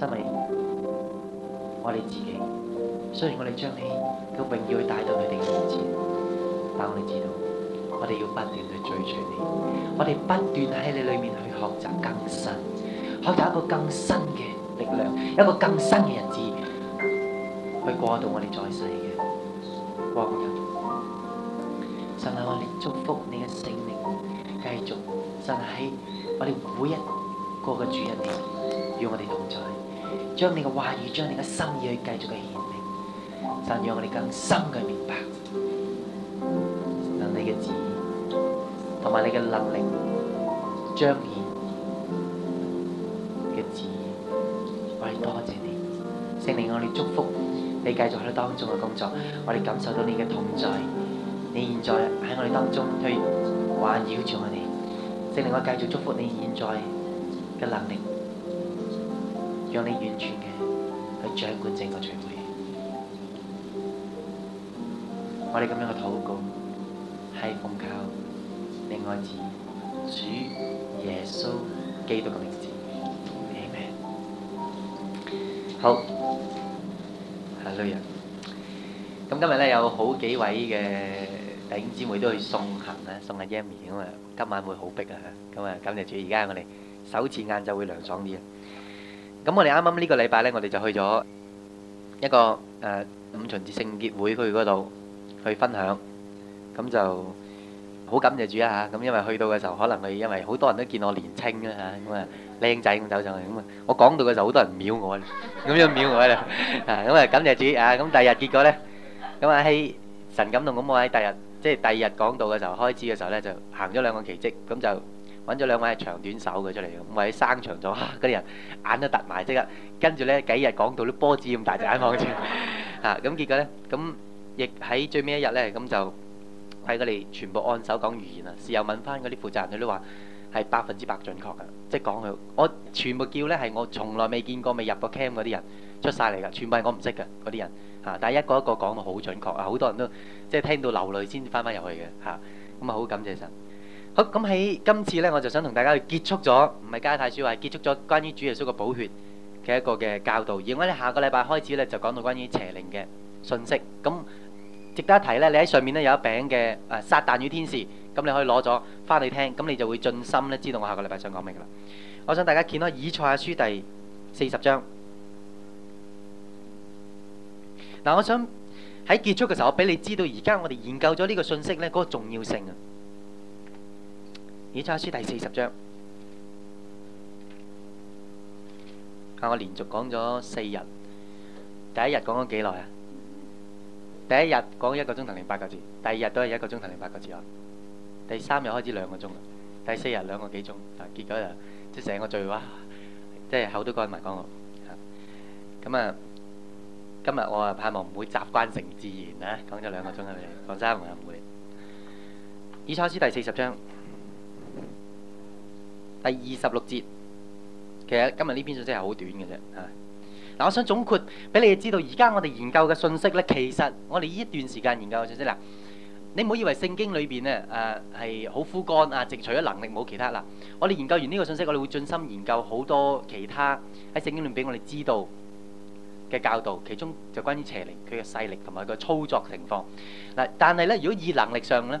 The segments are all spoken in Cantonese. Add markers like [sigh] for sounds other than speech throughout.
神啊，我哋自己，雖然我哋將你嘅榮耀去帶到佢哋嘅面前，但我哋知道，我哋要不斷去追隨你，我哋不斷喺你裏面去學習更深，學習一個更深嘅力量，一個更深嘅日子去過到我哋在世嘅光日。神啊，我哋祝福你嘅性命繼續，神啊，我哋每一個嘅主日裏面，願我哋同在。將你嘅話語，將你嘅心意去繼續去顯明，神讓我哋更深嘅明白，神你嘅旨意，同埋你嘅能力彰顯嘅旨意，我哋多謝你，聖靈我哋祝福你繼續喺度當中嘅工作，我哋感受到你嘅同在，你現在喺我哋當中去環繞住我哋，聖靈我繼續祝福你現在嘅能力。讓你完全嘅去掌管整個聚會。我哋咁樣嘅禱告，係奉靠你愛子、主耶穌基督嘅名字阿們。好，係咁樣。咁今日呢有好幾位嘅弟兄姊妹都去送行啊，送阿 Yummy 咁啊。今晚會好逼啊，咁啊，感謝主。而家我哋首次晏晝會涼爽啲啊。咁我哋啱啱呢個禮拜咧，我哋就去咗一個誒五旬節聖潔會佢嗰度去分享，咁就好感謝主啊嚇！咁因為去到嘅時候，可能佢因為好多人都見我年青啦嚇，咁啊靚仔咁走上去，咁啊我講道嘅時候，好多人秒我，咁樣秒我啦，啊咁啊感謝主啊！咁第二日結果咧，咁啊喺神感動咁，我喺第日即係第二日講道嘅時候開始嘅時候咧，就行咗兩個奇蹟，咁就。揾咗兩位係長短手嘅出嚟嘅，唔係生長咗，嚇嗰啲人眼都突埋，即刻跟住咧幾日講到啲波子咁大隻眼望住，嚇咁結果咧，咁亦喺最尾一日咧，咁就喺佢哋全部按手講語言啊，事後問翻嗰啲負責人，佢都話係百分之百準確嘅，即講佢，我全部叫咧係我從來未見過未入過 camp 嗰啲人出曬嚟㗎，全部係我唔識嘅嗰啲人，嚇但係一個一個講到好準確啊，好多人都即聽到流淚先翻翻入去嘅，嚇咁啊好感謝神。好咁喺今次咧，我就想同大家去結束咗，唔係加太書，係結束咗關於主耶穌嘅寶血嘅一個嘅教導。而我哋下個禮拜開始咧，就講到關於邪靈嘅信息。咁值得一提咧，你喺上面咧有一餅嘅誒撒但與天使，咁你可以攞咗翻去聽，咁你就會盡心咧知道我下個禮拜想講咩㗎喇。我想大家見到以賽亞書第四十章。嗱，我想喺結束嘅時候，我俾你知道而家我哋研究咗呢個信息咧嗰個重要性啊。《以賽亞書》第四十章，啊！我連續講咗四日，第一日講咗幾耐啊？第一日講一個鐘頭零八個字，第二日都係一個鐘頭零八個字啊！第三日開始兩個鐘，第四日兩個幾鐘啊？結果就罪即成個聚會哇，即口都乾埋乾喎咁啊，今日我啊盼望唔會習慣成自然啊。講咗兩個鐘啊，講三我又唔會。《以賽亞書》第四十章。第二十六節，其實今日呢篇信息係好短嘅啫嚇。嗱，我想總括俾你哋知道，而家我哋研究嘅信息呢，其實我哋呢一段時間研究嘅信息啦。你唔好以為聖經裏邊呢，誒係好枯乾啊，直除咗能力冇其他啦。我哋研究完呢個信息，我哋會盡心研究好多其他喺聖經裏面俾我哋知道嘅教導，其中就關於邪靈佢嘅勢力同埋個操作情況。嗱，但係呢，如果以能力上呢，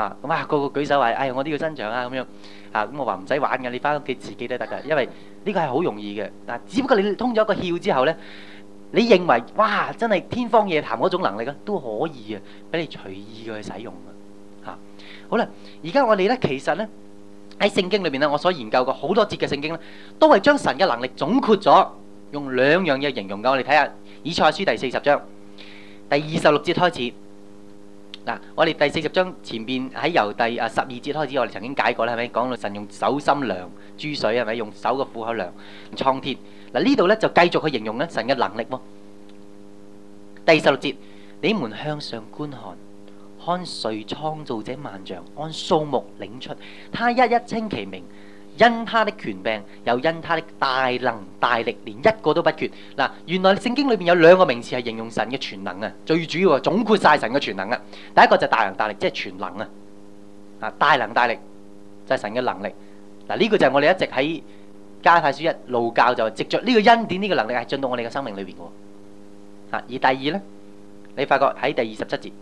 啊咁啊，個個舉手話，哎呀，我都要增長啊咁樣，啊咁我話唔使玩嘅，你翻屋企，自己都得噶，因為呢個係好容易嘅，嗱、啊，只不過你通咗一個竅之後呢，你認為哇，真係天方夜譚嗰種能力啊，都可以啊，俾你隨意去使用的啊。好啦，而家我哋呢，其實呢，喺聖經裏面呢，我所研究過好多節嘅聖經呢，都係將神嘅能力總括咗，用兩樣嘢形容噶。我哋睇下以賽書第四十章第二十六節開始。嗱，我哋第四十章前邊喺由第啊十二節開始，我哋曾經解過啦，係咪？講到神用手心量諸水，係咪？用手個虎口量蒼天。嗱呢度咧就繼續去形容咧神嘅能力。第十六節，你們向上觀看，看誰創造這萬象，按數目領出，他一一稱其名。因他的權柄，又因他的大能大力，連一個都不缺。嗱，原來聖經裏邊有兩個名詞係形容神嘅全能啊，最主要啊，總括晒神嘅全能啊。第一個就是大能大力，即係全能啊。啊，大能大力就係神嘅能力。嗱，呢個就係我哋一直喺加拉太書一路教就係藉着呢個恩典呢個能力係進到我哋嘅生命裏邊嘅。而第二呢，你發覺喺第二十七節，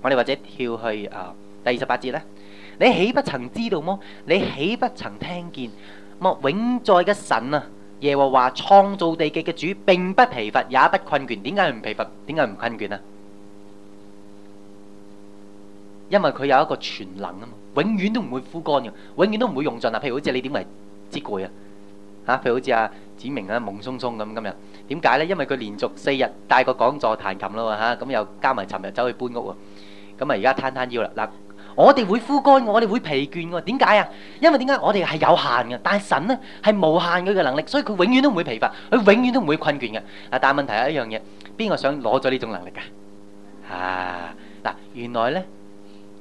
我哋或者跳去啊第二十八節呢。你豈不曾知道麼？你豈不曾聽見麼？永在嘅神啊，耶和華創造地極嘅主，並不疲乏，也不困倦。點解唔疲乏？點解唔困倦啊？因為佢有一個全能啊嘛，永遠都唔會枯乾嘅，永遠都唔會用盡啊。譬如好似你點為之攰啊？吓，譬如好似阿子明啊，懵鬆鬆咁今日。點解呢？因為佢連續四日帶個講座彈琴啦嘛吓，咁又加埋尋日走去搬屋啊，咁啊而家攤攤腰啦嗱。我哋會枯乾，我哋會疲倦㗎。點解啊？因為點解我哋係有限嘅，但係神呢係無限佢嘅能力，所以佢永遠都唔會疲乏，佢永遠都唔會困倦嘅。啊！但係問題係一樣嘢，邊個想攞咗呢種能力㗎？啊！嗱，原來咧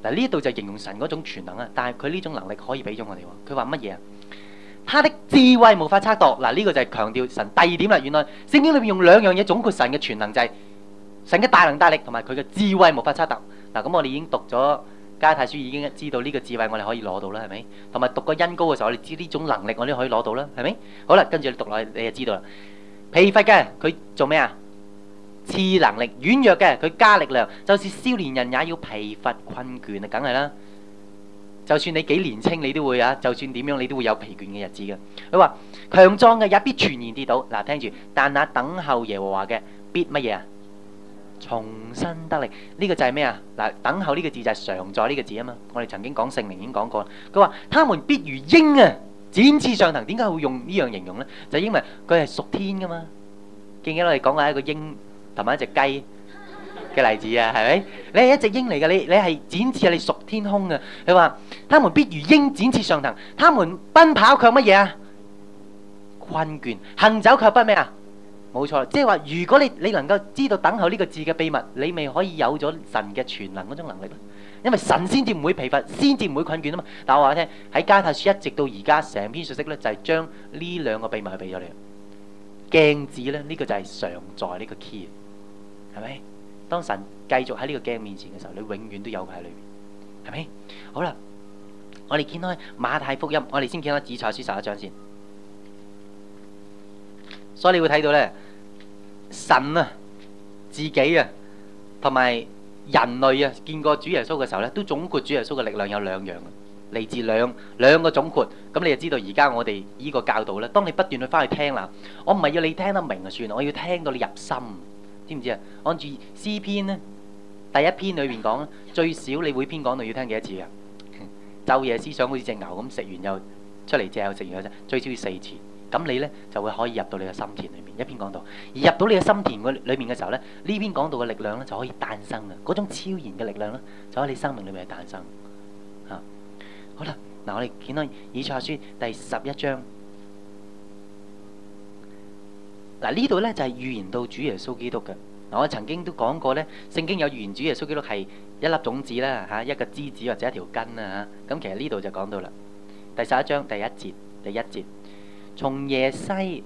嗱呢度就係形容神嗰種全能啊。但係佢呢種能力可以俾咗我哋喎。佢話乜嘢啊？他的智慧無法測度嗱，呢個就係強調神第二點啦。原來聖經裏面用兩樣嘢總括神嘅全能就係神嘅大能大力同埋佢嘅智慧無法測度嗱。咁我哋已經讀咗。加太書已經知道呢個智慧，我哋可以攞到啦，係咪？同埋讀個恩高嘅時候，我哋知呢種能力，我哋可以攞到啦，係咪？好啦，跟住你讀落，你就知道啦。疲乏嘅佢做咩啊？次能力軟弱嘅佢加力量，就算、是、少年人也要疲乏困倦啊，梗係啦。就算你幾年青，你都會啊。就算點樣，你都會有疲倦嘅日子嘅。佢話強壯嘅也必全然跌倒。嗱，聽住，但那等候耶和華嘅必乜嘢啊？重新得力呢個就係咩啊？嗱，等候呢個字就係常在呢個字啊嘛！我哋曾經講聖靈已經講過，佢話他們必如鷹啊，展翅上騰。點解會用呢樣形容呢？就因為佢係屬天噶嘛。記唔記得我哋講過一個鷹同埋一隻雞嘅例子啊？係咪？你係一隻鷹嚟嘅，你你係展翅啊，你屬天空嘅。佢話他們必如鷹展翅上騰，他們奔跑卻乜嘢啊？困倦，行走卻不咩啊？冇錯，即係話，如果你你能夠知道等候呢個字嘅秘密，你咪可以有咗神嘅全能嗰種能力。因為神先至唔會疲乏，先至唔會困倦啊嘛。但我話你聽，喺加泰書一直到而家成篇信息咧，就係將呢兩個秘密去俾咗你。鏡子咧，呢、呢個就係常在呢個 key，係咪？當神繼續喺呢個鏡面前嘅時候，你永遠都有佢喺裏面，係咪？好啦，我哋見到馬太福音，我哋先見到《紫菜書》十一章先。所以你會睇到咧。神啊，自己啊，同埋人類啊，見過主耶穌嘅時候呢，都總括主耶穌嘅力量有兩樣，嚟自兩兩個總括，咁你就知道而家我哋呢個教導呢，當你不斷去翻去聽啦，我唔係要你聽得明就算，我要聽到你入心，知唔知啊？按住詩篇呢，第一篇裏面講，最少你每篇講到要聽幾多次啊。晝、嗯、夜思想，好似隻牛咁食完又出嚟嚼又食完又食，最少要四次。咁你咧就會可以入到你嘅心田裏面。一邊講到，而入到你嘅心田嘅裏面嘅時候咧，呢邊講到嘅力量咧就可以誕生嘅嗰種超然嘅力量咧，就喺你生命裏面嘅誕生、啊、好啦，嗱我哋見到以賽書第十一章嗱、啊、呢度咧就係、是、預言到主耶穌基督嘅嗱、啊。我曾經都講過咧，聖經有預言主耶穌基督係一粒種子啦嚇、啊，一個枝子或者一條根啦嚇。咁、啊啊、其實呢度就講到啦，第十一章第一節第一節。從耶西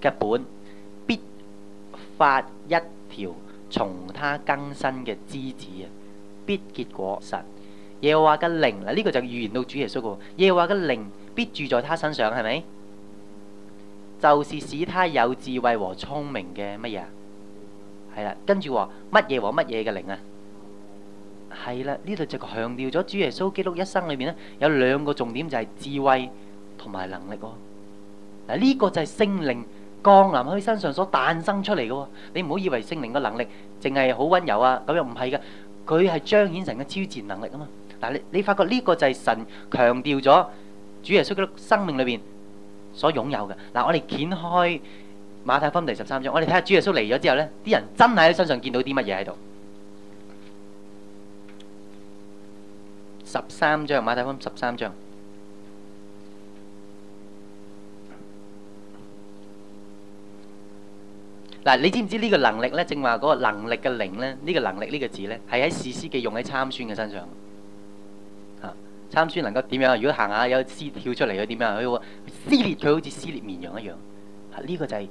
嘅本必發一條從他根生嘅枝子啊，必結果實。耶和華嘅靈啊，呢、這個就預言到主耶穌嘅。耶和華嘅靈必住在他身上，係咪？就是使他有智慧和聰明嘅乜嘢？係啦，跟住話乜嘢和乜嘢嘅靈啊？係啦，呢度就強調咗主耶穌基督一生裏面呢，有兩個重點就係、是、智慧同埋能力。嗱，呢個就係聖靈降臨喺佢身上所誕生出嚟嘅喎。你唔好以為聖靈嘅能力淨係好温柔啊，咁又唔係嘅。佢係彰顯神嘅超自然能力啊嘛。但，你你發覺呢個就係神強調咗主耶穌嘅生命裏邊所擁有嘅。嗱，我哋掀開馬太福音第十三章，我哋睇下主耶穌嚟咗之後呢，啲人真係喺佢身上見到啲乜嘢喺度。十三章，馬太福音十三章。嗱，你知唔知呢個能力咧？正話嗰個能力嘅靈咧，呢個能力呢，個，能力的呢，這個，能力個字咧，係喺《士師記》用喺參孫嘅身上。嚇！參孫能夠點樣？如果行下有獅跳出嚟，佢點樣？佢撕裂佢好似撕裂綿羊一樣。呢，這個就係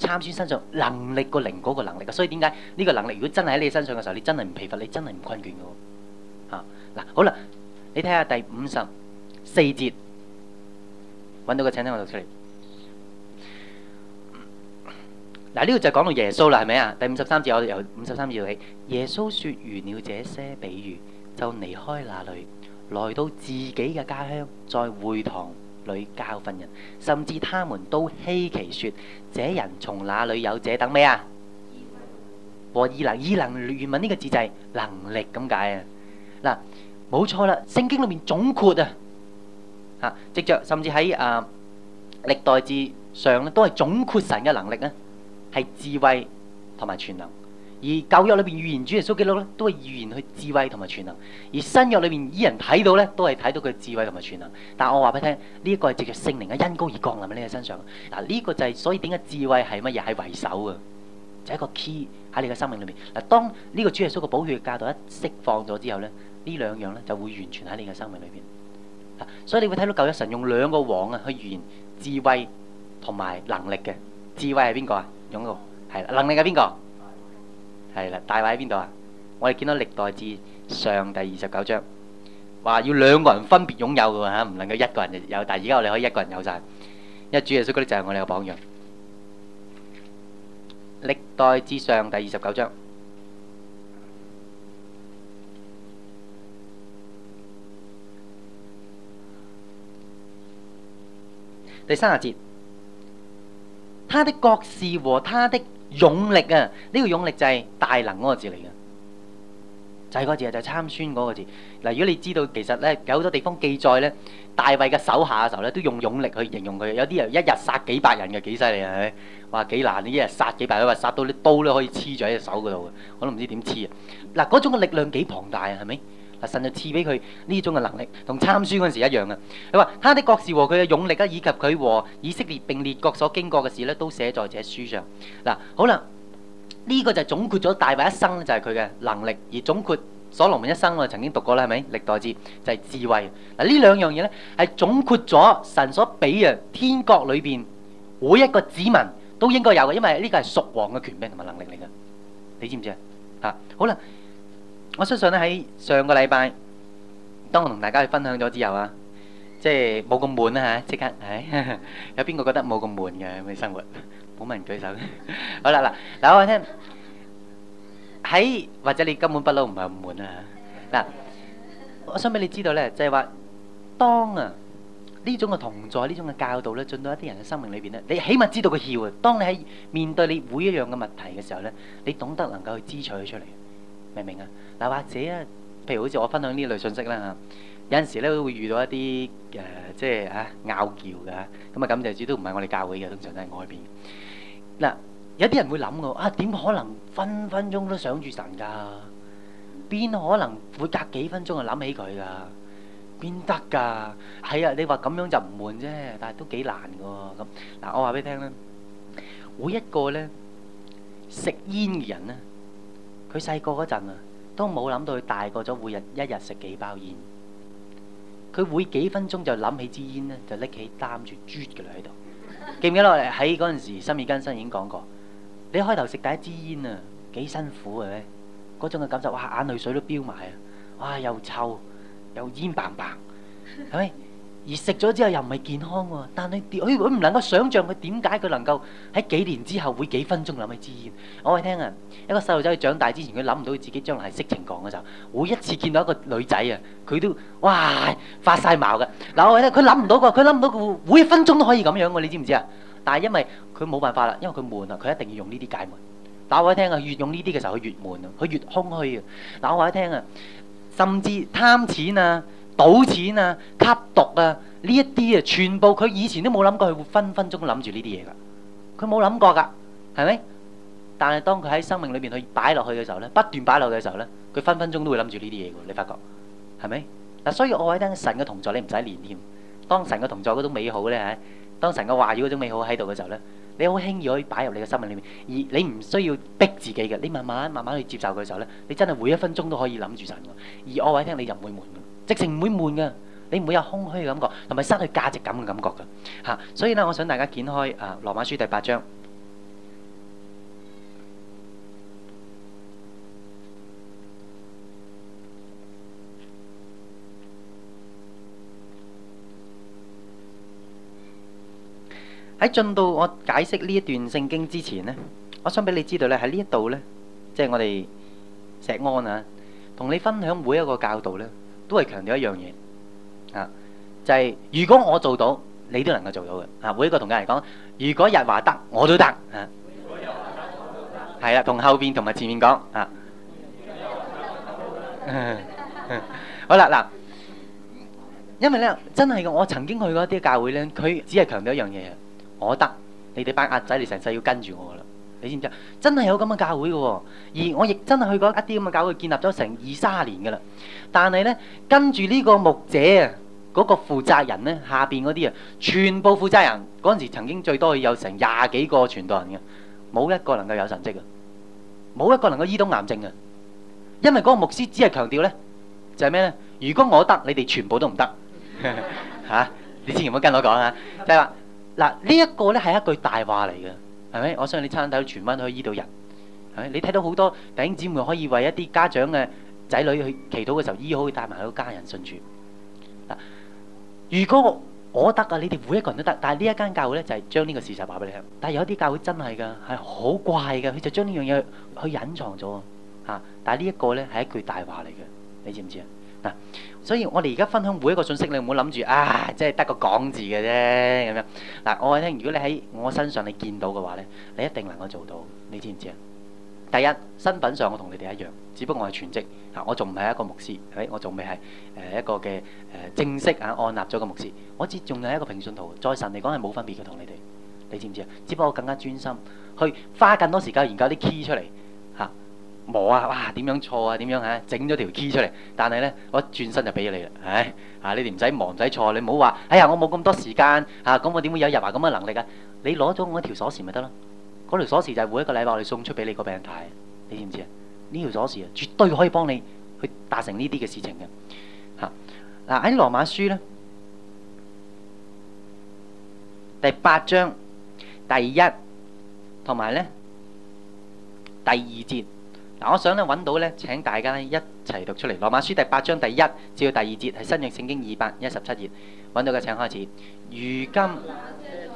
參孫身上能力個靈嗰個能力。所以點解呢個能力？如果真係喺你身上嘅時候，你真係唔疲乏，你真係唔困倦嘅喎。嗱，啊，好啦，你睇下第五十四節，揾到個請聽我讀出嚟。嗱，呢度就講到耶穌啦，係咪啊？第五十三節，我由五十三節起，耶穌說完了這些比喻，就離開那裡，來到自己嘅家鄉，在會堂裏教訓人，甚至他們都希奇說：這人從哪裏有這等咩啊？話二能二能原文呢個字就係能力咁解啊！嗱，冇錯啦，聖經裏面總括啊，吓，即係甚至喺啊歷代志上咧，都係總括神嘅能力啊。係智慧同埋全能，而舊約裏邊預言主耶穌基督咧，都係預言去智慧同埋全能；而新約裏邊啲人睇到咧，都係睇到佢智慧同埋全能。但係我話俾你聽，呢、這、一個係藉着聖靈嘅恩膏而降臨喺你嘅身上的。嗱，呢個就係、是、所以點解智慧係乜嘢？係為首嘅，就係、是、一個 key 喺你嘅生命裏面。嗱，當呢個主耶穌嘅寶血嘅教導一釋放咗之後咧，呢兩樣咧就會完全喺你嘅生命裏邊。所以你會睇到舊約神用兩個王啊去預言智慧同埋能力嘅智慧係邊個啊？種到，係能力係邊個？係啦，大衛喺邊度啊？我哋見到歷代志上第二十九章，話要兩個人分別擁有嘅吓，唔能夠一個人就有。但係而家我哋可以一個人有晒，因為主耶穌嗰啲就係我哋嘅榜樣。歷代志上第二十九章，第三十節。他的國事和他的勇力啊，呢個勇力就係大能嗰個字嚟嘅，就係嗰個字啊，就係參孫嗰個字。嗱，如果你知道其實咧有好多地方記載咧，大衛嘅手下嘅時候咧都用勇力去形容佢，有啲人一日殺幾百人嘅幾犀利啊係咪？話幾難你一日殺幾百人，話殺到啲刀都可以黐咗喺隻手嗰度嘅，我都唔知點黐啊！嗱，嗰種嘅力量幾龐大啊，係咪？神就賜俾佢呢種嘅能力，同參書嗰陣時一樣嘅。佢話：他的國事和佢嘅勇力啊，以及佢和以色列並列國所經過嘅事咧，都寫在這書上。嗱，好啦，呢個就是總括咗大衛一生就係佢嘅能力，而總括所羅門一生我曾經讀過啦，係咪？歷代志就係、是、智慧。嗱，呢兩樣嘢咧係總括咗神所俾嘅天國裏邊每一個子民都應該有嘅，因為呢個係屬王嘅權柄同埋能力嚟嘅。你知唔知啊？嚇，好啦。我相信咧喺上個禮拜，當我同大家去分享咗之後啊，即係冇咁悶啦吓，即刻，唉，有邊個覺得冇咁悶嘅咁嘅生活？冇乜人舉手。好啦啦，嗱我話聽，喺或者你根本不嬲唔係唔悶啊嗱，我想俾你知道咧，就係話，當啊呢種嘅同在，呢種嘅教導咧，進到一啲人嘅生命裏邊咧，你起碼知道個竅。當你喺面對你每一樣嘅問題嘅時候咧，你懂得能夠去支取佢出嚟。明唔明啊？嗱，或者啊，譬如好似我分享呢類信息啦嚇，有陣時咧都會遇到一啲誒，即係嚇拗撬嘅嚇，咁啊咁就始終唔係我哋教會嘅，通常都係外邊。嗱，有啲人會諗我啊，點可能分分鐘都想住神㗎？邊可能會隔幾分鐘啊諗起佢㗎？邊得㗎？係啊，你話咁樣就唔悶啫，但係都幾難㗎喎咁。嗱，我話俾你聽啦，每一個咧食煙嘅人咧。佢細個嗰陣啊，都冇諗到佢大個咗每日一日食幾包煙。佢會幾分鐘就諗起支煙咧，就拎起擔住啜嘅嘞喺度。記唔記得我哋喺嗰陣時，心意更新已經講過，你開頭食第一支煙啊，幾辛苦嘅咩？嗰種嘅感受，哇！眼淚水都飆埋啊！哇！又臭又煙棒棒，係咪？而食咗之後又唔係健康喎，但係佢佢佢唔能夠想象佢點解佢能夠喺幾年之後會幾分鐘諗起支煙。我話你聽啊，一個細路仔喺長大之前佢諗唔到自己將來係色情狂嘅時候，每一次見到一個女仔啊，佢都哇發曬毛嘅。嗱我話你聽，佢諗唔到嘅，佢諗唔到佢會每一分鐘都可以咁樣嘅，你知唔知啊？但係因為佢冇辦法啦，因為佢悶啊，佢一定要用呢啲解悶。嗱我一聽啊，越用呢啲嘅時候佢越悶啊，佢越空虛啊。嗱我一聽啊，甚至貪錢啊。賭錢啊、吸毒啊呢一啲啊，全部佢以前都冇諗過，佢會分分鐘諗住呢啲嘢噶，佢冇諗過噶，係咪？但係當佢喺生命裏面去擺落去嘅時候咧，不斷擺落去嘅時候咧，佢分分鐘都會諗住呢啲嘢噶，你發覺係咪？嗱，所以我偉聽神嘅同在，你唔使練添。當神嘅同在嗰種美好咧，吓，當神嘅話語嗰種美好喺度嘅時候咧，你好輕易可以擺入你嘅生命裏面，而你唔需要逼自己嘅，你慢慢慢慢去接受佢嘅時候咧，你真係每一分鐘都可以諗住神。而我偉聽你就唔會悶。直情唔會悶嘅，你唔會有空虛嘅感覺，同埋失去價值感嘅感覺嘅吓。所以呢，我想大家剪開啊，《羅馬書》第八章喺進到我解釋呢一段聖經之前呢，我想俾你知道呢喺呢一度呢，即係我哋石安啊，同你分享每一個教導呢。都係強調一樣嘢，啊，就係、是、如果我做到，你都能夠做到嘅。啊，每一個同教嚟講，如果日華得，我都得。啊，係啊，同後邊同埋前面講啊， [laughs] 啊。好啦，嗱、啊，因為咧真係我曾經去過一啲教會咧，佢只係強調一樣嘢，我得，你哋班亞仔你成世要跟住我嘅。你知唔知真係有咁嘅教會嘅？哦，而我亦真係去過一啲咁嘅教會，建立咗成二三十年嘅啦。但係呢，跟住呢個牧者啊，嗰、嗰個負責人呢，下邊嗰啲啊，全部負責人嗰陣時曾經最多有成廿幾個傳道人嘅，冇一個能夠有神跡嘅，冇一個能夠醫到癌症嘅，因為嗰個牧師只係強調呢，就係、係、咩呢？如果我得，你哋全部都唔得嚇。你千祈唔好跟我講啊，就係話嗱，呢一個呢，係一句大話嚟嘅。係咪？我相信你親身睇到傳福音可以醫到人，係咪？你睇到好多弟兄姊妹可以為一啲家長嘅仔女去祈禱嘅時候，醫好帶埋佢個家人信主。如果我得啊，你哋每一個人都得，但係呢一間教會咧就係將呢個事實話俾你聽。但係有啲教會真係㗎，係好怪㗎，佢就將呢樣嘢去隱藏咗啊！但係呢一個咧係一句大話嚟嘅，你知唔知啊？嗱、啊，所以我哋而家分享每一個信息，你唔好諗住啊，即係得個講字嘅啫，咁樣嗱，我話聽，如果你喺我身上你見到嘅話呢，你一定能夠做到，你知唔知啊？第一，身份上我同你哋一樣，只不過我係全職，嚇、啊、我仲唔係一個牧師，我仲未係一個嘅正式啊按立咗個牧師，我只仲係一個平信徒，在神嚟講係冇分別嘅同你哋，你知唔知啊？只不過我更加專心，去花更多時間研究啲 key 出嚟。磨啊！哇，點樣錯啊？點樣嚇？整咗條 key 出嚟，但係咧，我一轉身就俾咗你啦，係咪？嚇！你哋唔使忙，唔使錯，你唔好話，哎呀，我冇咁多時間嚇，咁我點會有入啊咁嘅能力噶？你攞咗我條鎖匙咪得咯？嗰條鎖匙就係每一個禮拜我哋送出俾你個病大，你知唔知啊？呢條鎖匙啊，絕對可以幫你去達成呢啲嘅事情嘅嚇。嗱，喺羅馬書咧第八章第一同埋咧第二節。嗱，我想咧揾到咧，請大家咧一齊讀出嚟，《羅馬書》第八章第一至到第二節，係新約聖經二百一十七頁，揾到嘅請開始。如今。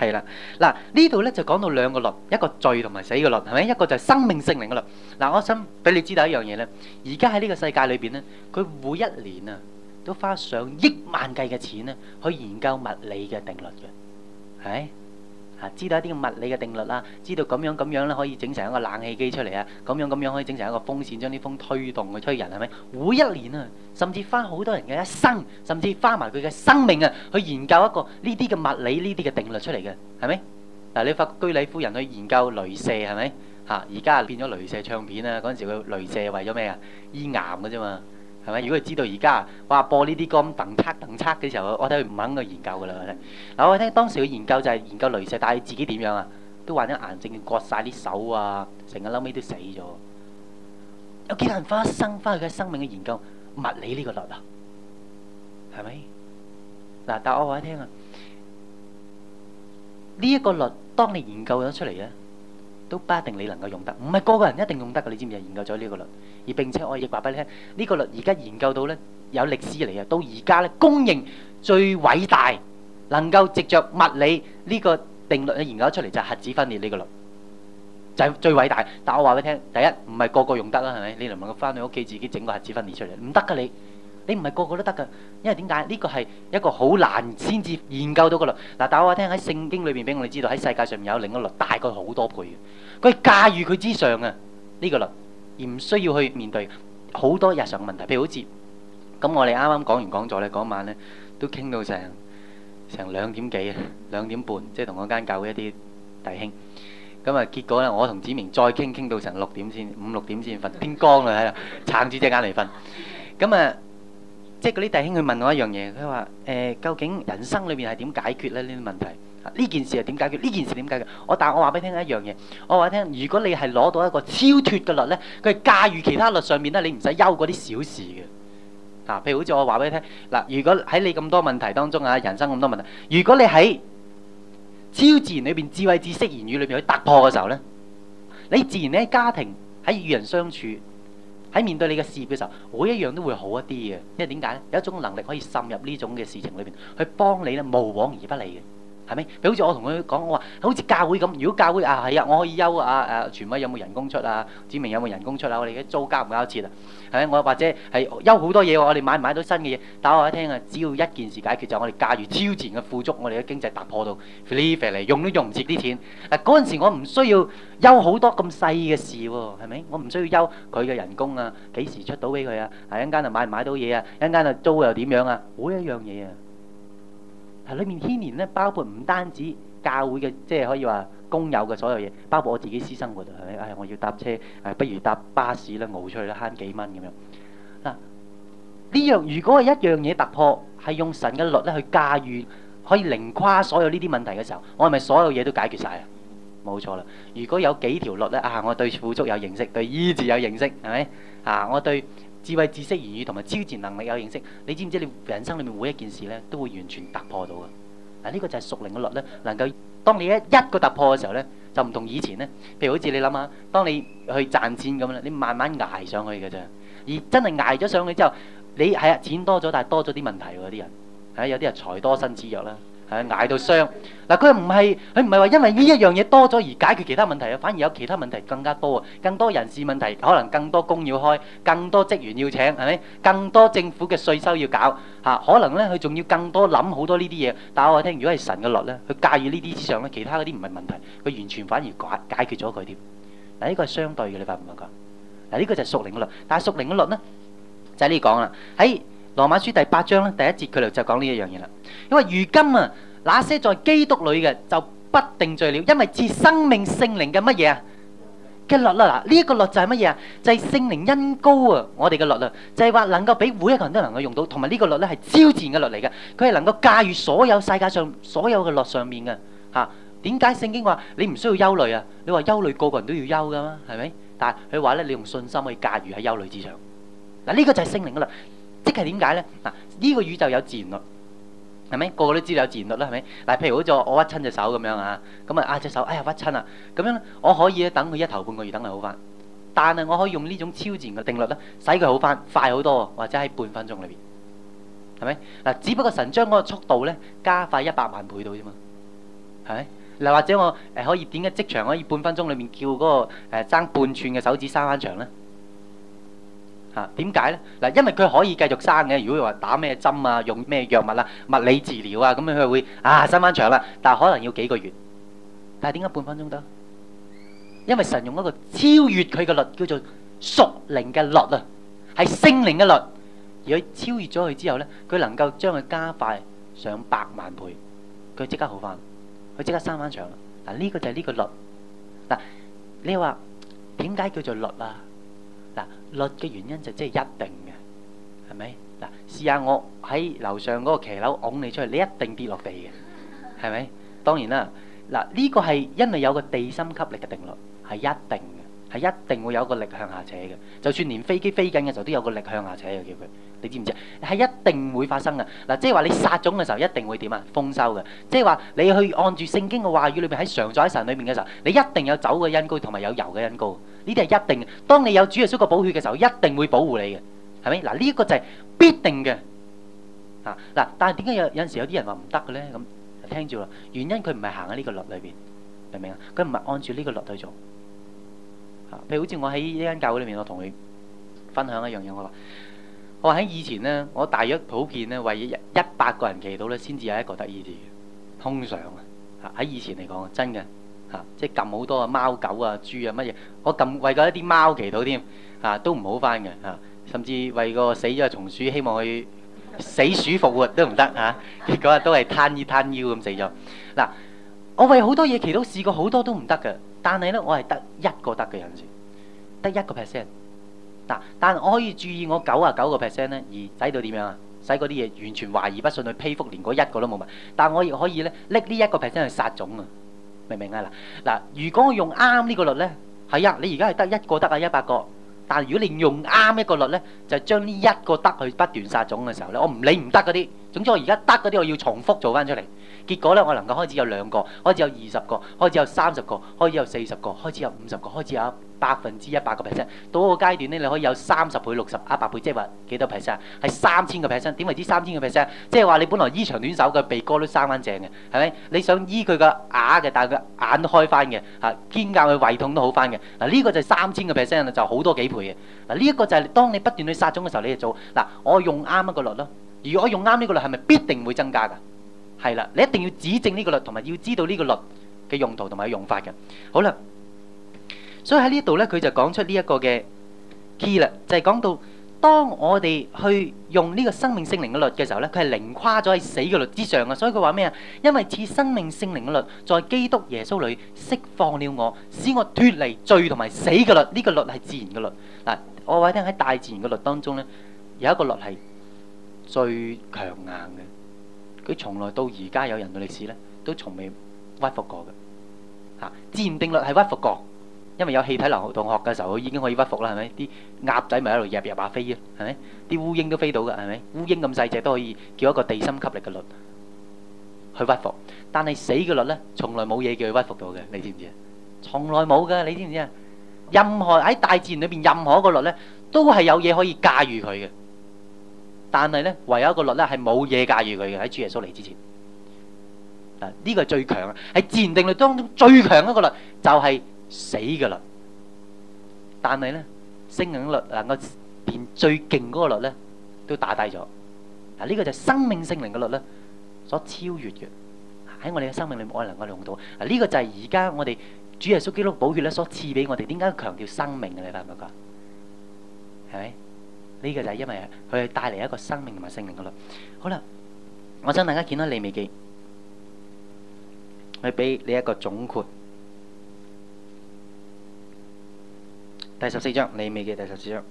係啦，嗱，呢度咧就講到兩個律，一個罪同埋死嘅律，係咪？一個就係生命聖靈嘅律。嗱，我想俾你知道一樣嘢咧，而家喺呢個世界裏邊咧，佢每一年啊都花上億萬計嘅錢咧去研究物理嘅定律嘅，係？啊！知道一啲嘅物理嘅定律啦，知道咁樣咁樣咧可以整成一個冷氣機出嚟啊，咁樣咁樣可以整成一個風扇，將啲風推動去吹人，係咪？每一年啊，甚至花好多人嘅一生，甚至花埋佢嘅生命啊，去研究一個呢啲嘅物理呢啲嘅定律出嚟嘅，係咪？嗱，你發覺居里夫人去研究鐳射係咪？嚇，而家變咗鐳射唱片啊！嗰陣時佢鐳射為咗咩啊？醫癌嘅啫嘛。係咪？如果佢知道而家，哇播呢啲咁等策等策嘅時候，我睇佢唔肯去研究噶啦。嗱，我聽當時嘅研究就係研究雷射，但係自己點樣啊？都患咗癌症，割晒啲手啊！成個嬲尾都死咗，有幾多人花生花佢嘅生命嘅研究物理呢個律啊？係咪？嗱，但我話你聽啊！呢一個律，當你研究咗出嚟嘅，都不一定你能夠用得。唔係個個人一定用得噶，你知唔知研究咗呢個律？而並且我亦話俾你聽，呢個律而家研究到呢，有歷史嚟啊！到而家呢，公認最偉大，能夠藉着物理呢個定律研究出嚟就係核子分裂呢個律，就係最偉大。但我話俾你聽，第一唔係個個用得啦，係咪？你能唔能夠翻到屋企自己整個核子分裂出嚟？唔得㗎你，你唔係個個都得㗎，因為點解？呢個係一個好難先至研究到個律。嗱，但我話聽喺聖經裏邊俾我哋知道，喺世界上面有另一個律，大概好多倍嘅，佢駕馭佢之上啊！呢個律。唔需要去面對好多日常嘅問題，譬如好似咁，我哋啱啱講完講座咧，嗰晚咧都傾到成成兩點幾、兩點半，即係同嗰間教會一啲弟兄咁啊。結果咧，我同子明再傾傾到成六點先，五六點先瞓，天光啦喺度撐住隻眼嚟瞓。咁啊，即係嗰啲弟兄去問我一樣嘢，佢話誒究竟人生裏邊係點解決咧呢啲問題？呢件事係點解決？呢件事點解決？我但係我話俾你聽一樣嘢，我話俾你聽，如果你係攞到一個超脫嘅律咧，佢係駕馭其他律上面咧，你唔使憂嗰啲小事嘅。嗱、啊，譬如好似我話俾你聽，嗱，如果喺你咁多問題當中啊，人生咁多問題，如果你喺超自然裏邊、智慧知識、言語裏邊去突破嘅時候咧，你自然咧家庭喺與人相處，喺面對你嘅事業嘅時候，每一樣都會好一啲嘅。因為點解咧？有一種能力可以滲入呢種嘅事情裏邊，去幫你咧無往而不利嘅。係咪？譬如好似我同佢講，我話好似教會咁，如果教會啊係啊，我可以休啊誒，全委有冇人工出啊？指明有冇人工出啊？我哋啲租交唔交切啊？係咪？我或者係休好多嘢喎？我哋買唔買到新嘅嘢？打我一聽啊，只要一件事解決就我哋家業超前嘅富足，我哋嘅經濟突破到 free 嚟用都用唔切啲錢。嗱，嗰陣時我唔需要休好多咁細嘅事喎、啊，係咪？我唔需要休佢嘅人工啊，幾時出到俾佢啊？係一間就買唔買到嘢啊？一間就租又點樣啊？每一樣嘢啊！裏面牽連咧，包括唔單止教會嘅，即係可以話公有嘅所有嘢，包括我自己私生活，係咪？唉，我要搭車，唉，不如搭巴士啦，冇出去啦，慳幾蚊咁樣。嗱，呢樣如果係一樣嘢突破，係用神嘅律咧去駕馭，可以凌跨所有呢啲問題嘅時候，我係咪所有嘢都解決晒啊？冇錯啦。如果有幾條律咧，啊，我對富足有認識，對醫治有認識，係咪？啊，我對，智慧、知識、言語同埋超前能力有認識，你知唔知你人生裏面每一件事咧，都會完全突破到㗎。嗱，呢個就係屬靈嘅律咧，能夠當你一一個突破嘅時候呢，就唔同以前呢。譬如好似你諗下，當你去賺錢咁樣，你慢慢捱上去嘅啫。而真係捱咗上去之後，你係啊，錢多咗，但係多咗啲問題喎嗰啲人，係啊，有啲人財多身子弱啦。係捱到傷，嗱，佢唔係，佢唔係話因為呢一樣嘢多咗而解決其他問題啊，反而有其他問題更加多啊，更多人事問題，可能更多工要開，更多職員要請，係咪？更多政府嘅稅收要搞，嚇，可能咧佢仲要更多諗好多呢啲嘢。但係我話你聽，如果係神嘅律咧，佢介意呢啲之上咧，其他嗰啲唔係問題，佢完全反而解解決咗佢添。嗱，呢個係相對嘅，你發唔發覺？嗱，呢個就係屬靈嘅律，但係屬靈嘅律咧就係呢講啦喺。羅馬書第八章咧，第一節佢就就講呢一樣嘢啦。因為如今啊，那些在基督裏嘅就不定罪了，因為自生命聖靈嘅乜嘢啊嘅律啦。嗱呢一個律就係乜嘢啊？就係聖靈恩膏啊！我哋嘅律啊，就係、是、話能夠俾每一個人都能夠用到，同埋呢個律咧係超自然嘅律嚟嘅。佢係能夠駕馭所有世界上所有嘅律上面嘅吓。點解聖經話你唔需要憂慮啊？你話憂慮個個人都要憂㗎嘛？係咪？但係佢話咧，你用信心去駕馭喺憂慮之上。嗱、啊、呢、這個就係聖靈嘅律。即係點解呢？嗱，呢個宇宙有自然律，係咪？個個都知道有自然律啦，係咪？但係譬如好似我屈親隻手咁樣啊，咁啊啊隻手，哎呀屈親啊，咁樣我可以等佢一頭半個月等佢好翻，但係我可以用呢種超自然嘅定律咧，使佢好翻快好多，或者喺半分鐘裏面，係咪？嗱，只不過神將嗰個速度咧加快一百萬倍到啫嘛，係咪？嗱，或者我、呃、可以點嘅即場可以半分鐘裏面叫嗰、嗰個誒爭、呃、半寸嘅手指生翻長呢？點解咧？嗱，因為佢可以繼續生嘅。如果佢話打咩針啊，用咩藥物啊，物理治療啊，咁佢會啊生翻長啦。但係可能要幾個月。但係點解半分鐘得？因為神用一個超越佢嘅律，叫做屬靈嘅律啊，係聖靈嘅律。而佢超越咗佢之後咧，佢能夠將佢加快上百萬倍，佢即刻好翻，佢即刻生翻長啦。嗱，呢個就係呢個律。嗱，你話點解叫做律啊？律嘅原因就即係一定嘅，係咪？嗱，試下我喺樓上嗰個騎樓拱你出去，你一定跌落地嘅，係咪？當然啦，嗱、這、呢個係因為有個地心吸力嘅定律，係一定嘅，係一定會有個力向下扯嘅。就算連飛機飛緊嘅時候都有個力向下扯嘅叫佢，你知唔知？係一定會發生嘅。嗱，即係話你撒種嘅時候一定會點啊？豐收嘅。即係話你去按住聖經嘅話語裏邊喺常在神裏面嘅時候，你一定有酒嘅恩膏同埋有油嘅恩膏。呢啲係一定嘅，當你有主耶穌個寶血嘅時候，一定會保護你嘅，係咪？嗱呢一個就係必定嘅，啊嗱！但係點解有有陣時候有啲人話唔得嘅咧？咁聽住啦，原因佢唔係行喺呢個律裏邊，明唔明啊？佢唔係按住呢個律去做，啊！譬如好似我喺呢間教會裏面，我同佢分享一樣嘢，我話我喺以前咧，我大約普遍咧，為一百個人祈禱咧，先至有一個得醫治嘅，通常啊，喺以前嚟講真嘅。即即撳好多啊，多貓狗啊、豬啊乜嘢，麼我撳為過一啲貓祈禱添，嚇、啊、都唔好翻嘅嚇，甚至為個死咗嘅松鼠希望佢死鼠復活都唔得嚇，結果都係攤腰攤腰咁死咗。嗱、啊，我為好多嘢祈禱，試過好多都唔得嘅，但係呢，我係得一個得嘅人先，得一個 percent，得，但係我可以注意我九啊九個 percent 咧，而使到點樣啊？使嗰啲嘢完全懷疑不信去披覆，連嗰一個都冇埋。但我亦可以咧拎呢一個 percent 去殺種啊！明唔明啊？嗱嗱，如果我用啱呢個率咧，係啊，你而家係得一個得啊一百個，但係如果你用啱一個率咧，就將呢一個得去不斷殺種嘅時候咧，我唔理唔得嗰啲，總之我而家得嗰啲我要重複做翻出嚟，結果咧我能夠開始有兩個，開始有二十個，開始有三十個，開始有四十個，開始有五十個，開始有。百分之一百個 percent，到個階段咧，你可以有三十倍、六十、一百倍，即係話幾多 percent？係三千個 percent。點為之三千個 percent？即係話你本來醫長短手嘅鼻哥都生翻正嘅，係咪？你想醫佢個牙嘅，但係佢眼都開翻嘅，嚇堅硬佢胃痛都好翻嘅。嗱、這、呢個就係三千個 percent，就好多幾倍嘅。嗱，呢一個就係當你不斷去撒種嘅時候，你就做嗱，我用啱一個率咯。如果我用啱呢個率係咪必定會增加㗎？係啦，你一定要指正呢個率，同埋要知道呢個率嘅用途同埋用法嘅。好啦。所以喺呢度咧，佢就講出呢一個嘅 key 啦，就係講到當我哋去用呢個生命聖靈嘅律嘅時候咧，佢係凌跨咗喺死嘅律之上啊。所以佢話咩啊？因為賜生命聖靈嘅律在基督耶穌裏釋放了我，使我脫離罪同埋死嘅律。呢個律係自然嘅律。嗱，我話畀你聽喺大自然嘅律當中咧，有一個律係最強硬嘅，佢從來到而家有人類歷史咧都從未屈服過嘅嚇。自然定律係屈服過。因為有氣體流學同學嘅時候，佢已經可以屈服啦，係咪？啲鴨仔咪喺度入入下飛啊，係咪？啲烏蠅都飛到噶，係咪？烏蠅咁細隻都可以叫一個地心吸力嘅律去屈服，但係死嘅律咧，從來冇嘢叫佢屈服到嘅，你知唔知啊？從來冇㗎，你知唔知啊？任何喺大自然裏邊任何一個律咧，都係有嘢可以駕馭佢嘅，但係咧，唯有一個律咧係冇嘢駕馭佢嘅，喺主耶穌嚟之前，啊，呢個係最強啊，係自然定律當中最強一個律就係。死嘅律，但係咧，聖靈嘅律能夠連最勁嗰個律咧，都打低咗。嗱，呢個就係生命聖靈嘅律咧，所超越嘅。喺我哋嘅生命裏邊，我能夠用到。嗱，呢個就係而家我哋主耶穌基督寶血咧所賜俾我哋。點解強調生命嘅嚟啦？你覺唔覺，係咪？呢個就係因為佢帶嚟一個生命同埋聖靈嘅律。好啦，我想大家見到你未記，去俾你一個總括。第十四章，你未記第十四章。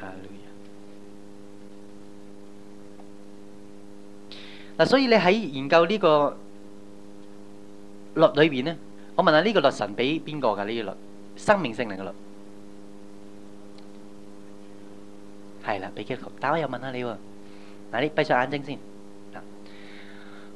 哈利啊！嗱，所以你喺研究呢個律裏邊咧，我問下呢個律神俾邊個噶呢個律？生命聖靈嘅律，係啦，俾基督。但係我又問下你喎，嗱，你閉上眼睛先。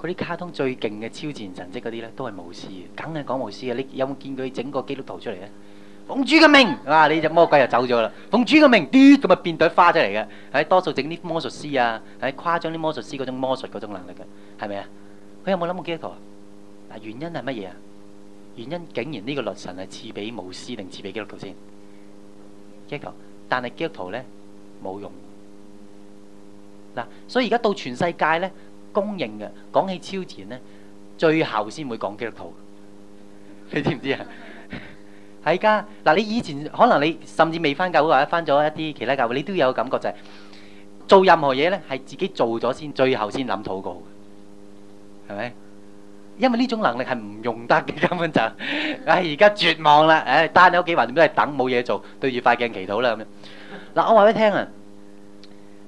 嗰啲卡通最勁嘅超自然神跡嗰啲咧，都係巫師嘅，梗係講巫師嘅。你有冇見佢整個基督徒出嚟咧？奉主嘅命，哇！呢隻魔鬼就走咗啦。奉主嘅命，嘟咁啊變朵花出嚟嘅。係多數整啲魔術師啊，係誇張啲魔術師嗰種魔術嗰種能力嘅，係咪啊？佢有冇諗過基督徒？嗱，原因係乜嘢啊？原因竟然呢個律神係賜俾巫師定賜俾基督徒先？基督徒，但係基督徒咧冇用。嗱，所以而家到全世界咧。公認嘅，講起超前咧，最後先會講基督徒，你知唔知啊？係噶，嗱，你以前可能你甚至未返教會，或者返咗一啲其他教會，你都有感覺就係做任何嘢咧，係自己做咗先，最後先諗禱告，係咪？因為呢種能力係唔用得嘅，根本就，唉，而家絕望啦，唉，單喺屋企或者點都係等，冇嘢做，對住塊鏡祈禱啦咁樣。嗱，我話俾你聽啊！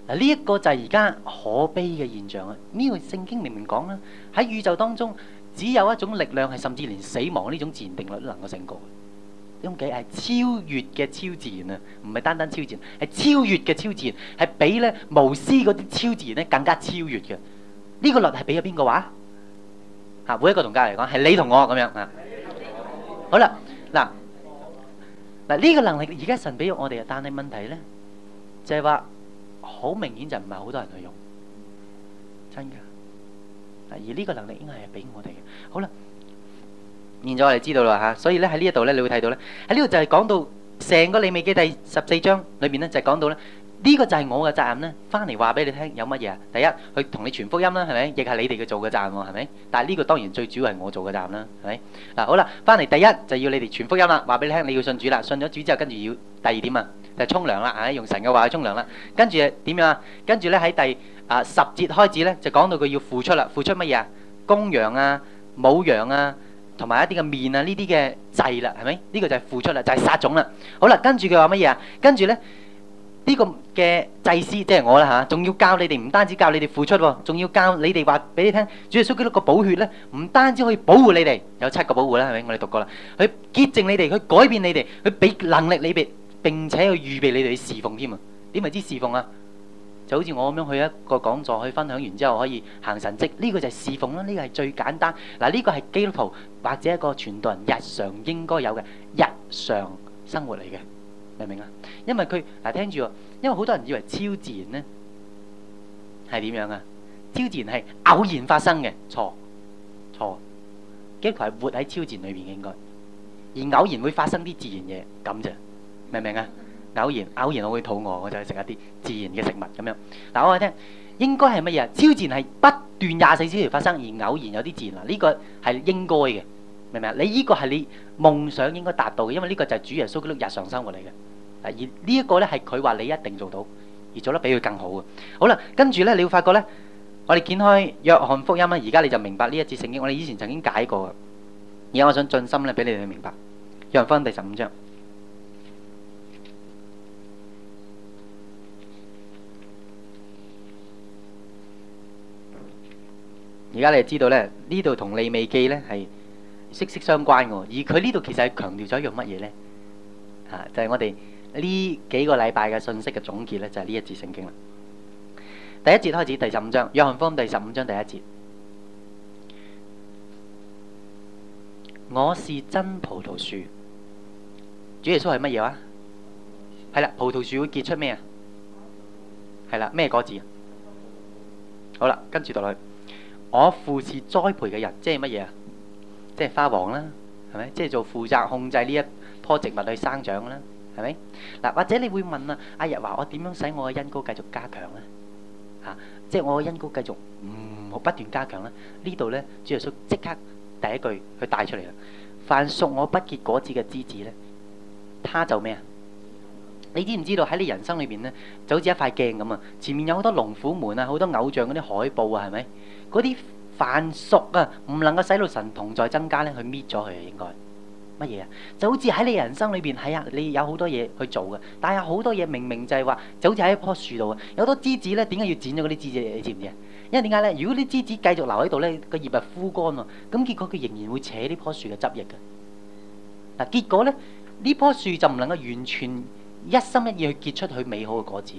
嗱，呢一個就係而家可悲嘅現象啊！呢個聖經明明講啦，喺宇宙當中，只有一種力量係，甚至連死亡呢種自然定律都能夠勝過。呢種嘅係超越嘅超自然啊，唔係單單超自然，係超越嘅超自然，係比咧巫師嗰啲超自然咧更加超越嘅。呢個律係俾咗邊個話？嚇，每一個同家嚟講係你同我咁樣啊。好啦，嗱，嗱，呢個能力而家神俾咗我哋嘅，但係問題咧就係話。好明顯就唔係好多人去用，真噶。而呢個能力應該係俾我哋嘅。好啦，現在我哋知道啦嚇。所以咧喺呢一度咧，你會睇到咧喺呢度就係講到成個利未記第十四章裏面咧就講到咧呢個就係我嘅責任咧，翻嚟話俾你聽有乜嘢？第一，去同你傳福音啦，係咪？亦係你哋嘅做嘅責任喎，係咪？但係呢個當然最主要係我做嘅責任啦，係咪？嗱，好啦，翻嚟第一就要你哋傳福音啦，話俾你聽你要信主啦，信咗主之後跟住要第二點啊。就沖涼啦！唉，用神嘅話去沖涼啦。跟住點樣啊？跟住咧喺第啊十節開始咧，就講到佢要付出啦。付出乜嘢啊？公羊啊、母羊啊，同埋一啲嘅麵啊，呢啲嘅祭啦，係咪？呢個就係付出啦，就係殺種啦。好啦，跟住佢話乜嘢啊？跟住咧呢個嘅祭司即係我啦嚇，仲要教你哋唔單止教你哋付出喎，仲要教你哋話俾你聽，主耶穌基督嘅寶血咧？唔單止可以保護你哋，有七個保護啦，係咪？我哋讀過啦，去潔淨你哋，去改變你哋，去俾能力你哋。並且去預備你哋去侍奉添啊！點為之侍奉啊？就好似我咁樣去一個講座去分享完之後，可以行神跡。呢個就係侍奉啦。呢個係最簡單嗱。呢個係基督徒或者一個傳道人日常應該有嘅日常生活嚟嘅，明唔明啊？因為佢嗱，聽住。啊，因為好多人以為超自然呢係點樣啊？超自然係偶然發生嘅，錯錯。基督徒係活喺超自然裏邊嘅，應該而偶然會發生啲自然嘢咁啫。這樣。明唔明啊？偶然，偶然我會肚餓，我就去食一啲自然嘅食物咁樣。嗱，我話你聽，應該係乜嘢啊？超自然係不斷廿四小時發生，而偶然有啲自然啊，呢個係應該嘅，明唔明啊？你呢個係你夢想應該達到嘅，因為呢個就係主耶穌嘅日常生活嚟嘅。而呢一個呢，係佢話你一定做到，而做得比佢更好嘅。好啦，跟住呢，你會發覺呢，我哋見開約翰福音啊，而家你就明白呢一節聖經。我哋以前曾經解過，而家我想盡心咧俾你哋明白。約翰福音第十五章。而家你係知道呢，呢度同利未記呢係息息相關嘅，而佢呢度其實係強調咗一樣乜嘢呢？就係、是、我哋呢幾個禮拜嘅信息嘅總結呢，就係、是、呢一節聖經啦。第一節開始，第十五章，約翰福音，第十五章第一節，我是真葡萄樹。主耶穌係乜嘢啊？係啦，葡萄樹會結出咩啊？係啦，咩果子？好啦，跟住落去。我扶持栽培嘅人，即係乜嘢啊？即係花王啦，係咪？即係做負責控制呢一樖植物去生長啦，係咪？嗱，或者你會問啊，阿日華我點樣使我嘅恩膏繼續加強呢？嚇、啊，即係我嘅恩膏繼續唔好、嗯、不斷加強咧？呢度呢，主耶穌即刻第一句佢帶出嚟啦。凡屬我不結果子嘅枝子呢，他就咩啊？你知唔知道喺你人生裏邊呢，就好似一塊鏡咁啊！前面有好多龍虎門啊，好多偶像嗰啲海報啊，係咪？嗰啲凡俗啊，唔能夠使到神同再增加咧，佢搣咗佢啊，應該乜嘢啊？就好似喺你人生裏邊係啊，你有好多嘢去做嘅，但係好多嘢明明就係話，就好似喺一棵樹度啊，有好多枝子咧，點解要剪咗嗰啲枝子？你知唔知啊？因為點解咧？如果啲枝子繼續留喺度咧，個葉啊枯乾喎，咁結果佢仍然會扯呢棵樹嘅汁液嘅嗱、啊。結果咧呢這棵樹就唔能夠完全一心一意去結出佢美好嘅果子，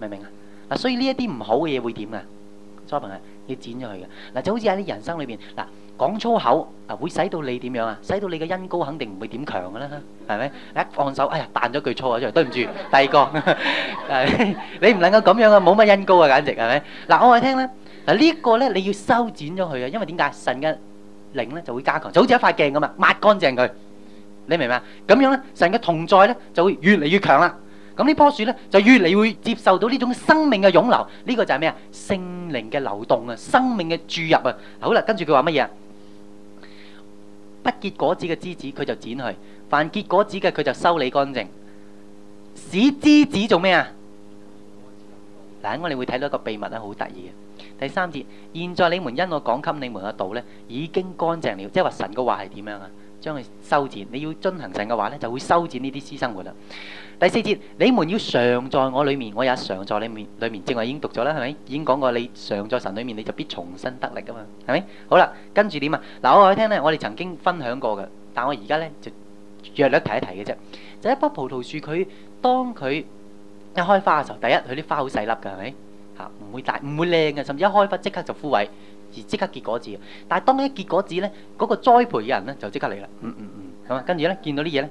明唔明啊？嗱，所以呢一啲唔好嘅嘢會點啊 j o 要剪咗佢㗎，嗱，就好似喺啲人生裏邊，嗱，講粗口啊會使到你點樣啊？使到你嘅音高肯定唔會點強㗎啦，係咪？你一放手，哎呀，彈咗句粗口出嚟，對唔住第二個，你唔能夠咁樣啊，冇乜音高啊，簡直係咪？嗱，我哋聽咧，嗱，呢一個咧你要修剪咗佢啊，因為點解神嘅靈咧就會加強，就好似一塊鏡咁啊，抹乾淨佢，你明唔明啊？咁樣咧神嘅同在咧就會越嚟越強啦。咁呢樖樹咧就越嚟會接受到呢種生命嘅湧流，呢個就係咩啊？聖靈嘅流動啊，生命嘅注入啊，好啦，跟住佢話乜嘢啊？不結果子嘅枝子，佢就剪去；凡結果子嘅，佢就修理乾淨。使枝子做咩啊？嗱，我哋會睇到一個秘密咧，好得意嘅。第三節，現在你們因我講給你們嘅道呢，已經乾淨了，即係話神嘅話係點樣啊？將佢修剪，你要遵行神嘅話咧，就會修剪呢啲私生活啦。第四節，你們要常在我裏面，我也常在你面裏面。正話已經讀咗啦，係咪已經講過？你常在神裏面，你就必重新得力噶嘛，係咪？好啦，跟住點啊？嗱，我喺聽咧，我哋曾經分享過嘅，但我而家咧就約略提一提嘅啫。就一樖葡萄樹，佢當佢一開花嘅時候，第一佢啲花好細粒嘅，係咪嚇？唔會大，唔會靚嘅，甚至一開花即刻就枯萎。即刻結果子，但係當一結果子咧，嗰個栽培嘅人咧就即刻嚟啦。嗯嗯嗯，係、嗯、嘛、嗯？跟住咧見到啲嘢咧，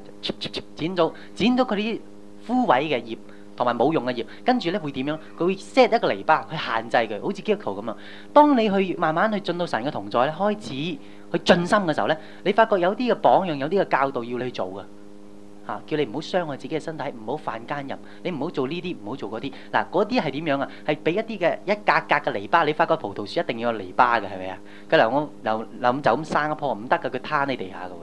剪咗剪咗佢啲枯萎嘅葉同埋冇用嘅葉，跟住咧會點樣？佢會 set 一個籬笆去限制佢，好似基督徒咁啊。當你去慢慢去進到神嘅同在咧，開始去盡心嘅時候咧，你發覺有啲嘅榜樣，有啲嘅教導要你去做嘅。嚇！叫你唔好傷害自己嘅身體，唔好犯奸淫，你唔好做呢啲，唔好做嗰啲。嗱，嗰啲係點樣啊？係俾一啲嘅一格格嘅籬笆。你發覺葡萄樹一定要有籬笆嘅，係咪啊？咁嗱，我諗咁就咁生一樖唔得噶，佢攤喺地下噶喎，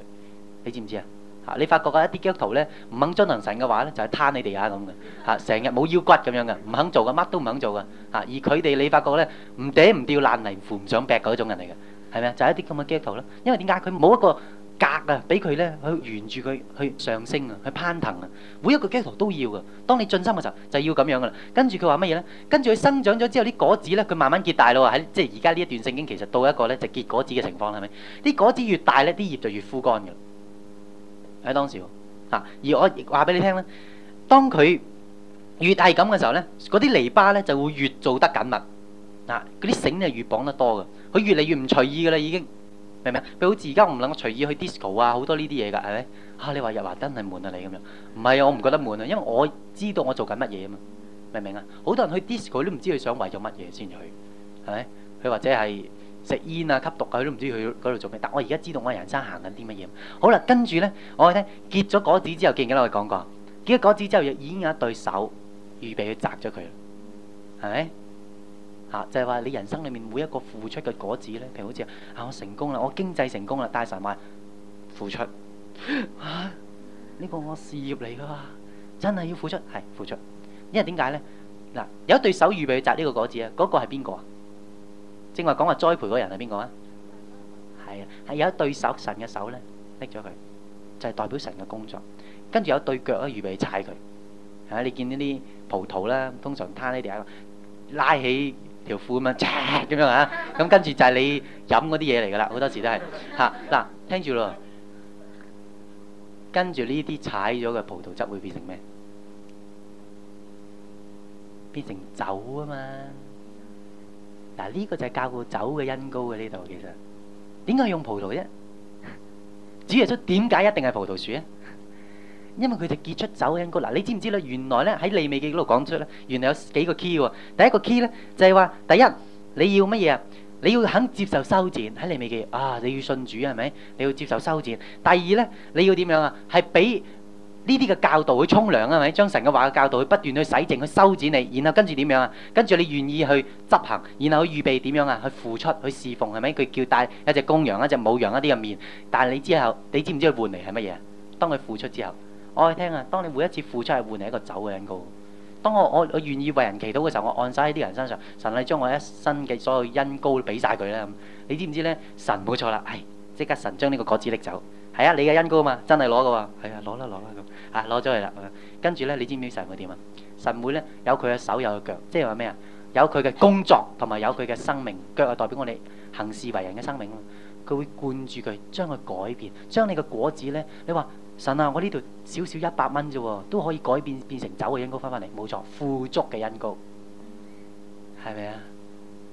你知唔知啊？嚇！你發覺啊，一啲基督徒咧唔肯遵行神嘅話咧，就係攤喺地下咁嘅嚇，成日冇腰骨咁樣嘅，唔肯做嘅，乜都唔肯做嘅嚇。而佢哋你發覺咧唔嗲唔掉，爛泥扶唔上壁嗰種人嚟嘅，係咪啊？就係一啲咁嘅基督徒囉。因為點解佢冇一個格啊，俾佢咧去沿住佢去上升啊，去攀騰啊，每一個枝頭都要噶。當你進深嘅時候，就要咁樣噶啦。跟住佢話乜嘢咧？跟住佢生長咗之後，啲果子咧，佢慢慢結大咯喺。即係而家呢一段聖經，其實到一個咧就結果子嘅情況係咪？啲果子越大咧，啲葉就越枯乾噶。喺當時吓、啊，而我亦話俾你聽咧，當佢越大咁嘅時候咧，嗰啲籬笆咧就會越做得緊密。嗱、啊，嗰啲繩就越綁得多噶，佢越嚟越唔隨意噶啦已經。明唔明啊？譬如好似而家我唔能夠隨意去 disco 啊，好多呢啲嘢㗎，係咪？嚇、啊、你話日華真係悶啊，你咁樣？唔係啊，我唔覺得悶啊，因為我知道我做緊乜嘢啊嘛，明唔明啊？好多人去 disco 佢都唔知佢想為咗乜嘢先去，係咪？佢或者係食煙啊、吸毒啊，佢都唔知去嗰度做咩。但我而家知道我人生行緊啲乜嘢。好啦，跟住咧，我咧結咗果子之後，記唔記得我哋講過？結咗果子之後，已經有一對手預備去摘咗佢，係咪？嚇，就係話你人生裏面每一個付出嘅果子咧，譬如好似啊，我成功啦，我經濟成功啦，大神話付出，嚇，呢個我事業嚟㗎嘛，真係要付出，係付出。因為點解咧？嗱，有一對手預備去摘呢個果子啊，嗰個係邊個啊？正話講話栽培嗰個人係邊個啊？係啊，係有一對手，神嘅手咧，拎咗佢，就係代表神嘅工作。跟住有對腳咧，預備去踩佢。嚇，你見呢啲葡萄啦，通常攤喺地下，拉起。條褲咁樣，咁樣嚇，咁、嗯、跟住就係你飲嗰啲嘢嚟㗎啦，好多時都係嗱、啊啊，聽住咯，跟住呢啲踩咗嘅葡萄汁會變成咩？變成酒啊嘛，嗱、啊、呢、呢個就係教過酒嘅因高嘅呢度其實，點解用葡萄啫？主耶穌點解一定係葡萄樹啊？因為佢哋結出走嘅因果，嗱，你知唔知咧？原來咧喺利未記嗰度講出咧，原來有幾個 key 喎、哦。第一個 key 咧就係、是、話：第一你要乜嘢啊？你要肯接受修剪喺利未記啊！你要信主係咪？你要接受修剪。第二咧你要點樣啊？係俾呢啲嘅教導去沖涼啊？係咪？將神嘅話嘅教導去不斷去洗淨去修剪你，然後跟住點樣啊？跟住你願意去執行，然後去預備點樣啊？去付出去侍奉係咪？佢叫帶一隻公羊、一隻母羊、一啲嘅面，但係你之後你知唔知佢換嚟係乜嘢？當佢付出之後。我去聽啊！當你每一次付出，係換嚟一個走嘅恩膏。當我我我願意為人祈禱嘅時候，我按晒喺啲人身上，神係將我一生嘅所有的恩膏俾晒佢啦咁。你知唔知咧？神冇錯啦，係、哎、即刻神將呢個果子拎走。係啊，你嘅恩膏嘛，真係攞噶喎。係啊，攞啦攞啦咁啊，攞咗去啦。跟住咧，你知唔知神會點啊？神會咧有佢嘅手有佢腳，即係話咩啊？有佢嘅工作同埋有佢嘅生命腳，係代表我哋行事為人嘅生命。啊。佢會灌注佢，將佢改變，將你嘅果子咧，你話。神啊，我呢度少少一百蚊啫，都可以改變，變成酒嘅恩膏翻翻嚟，冇錯，富足嘅恩膏，係咪啊？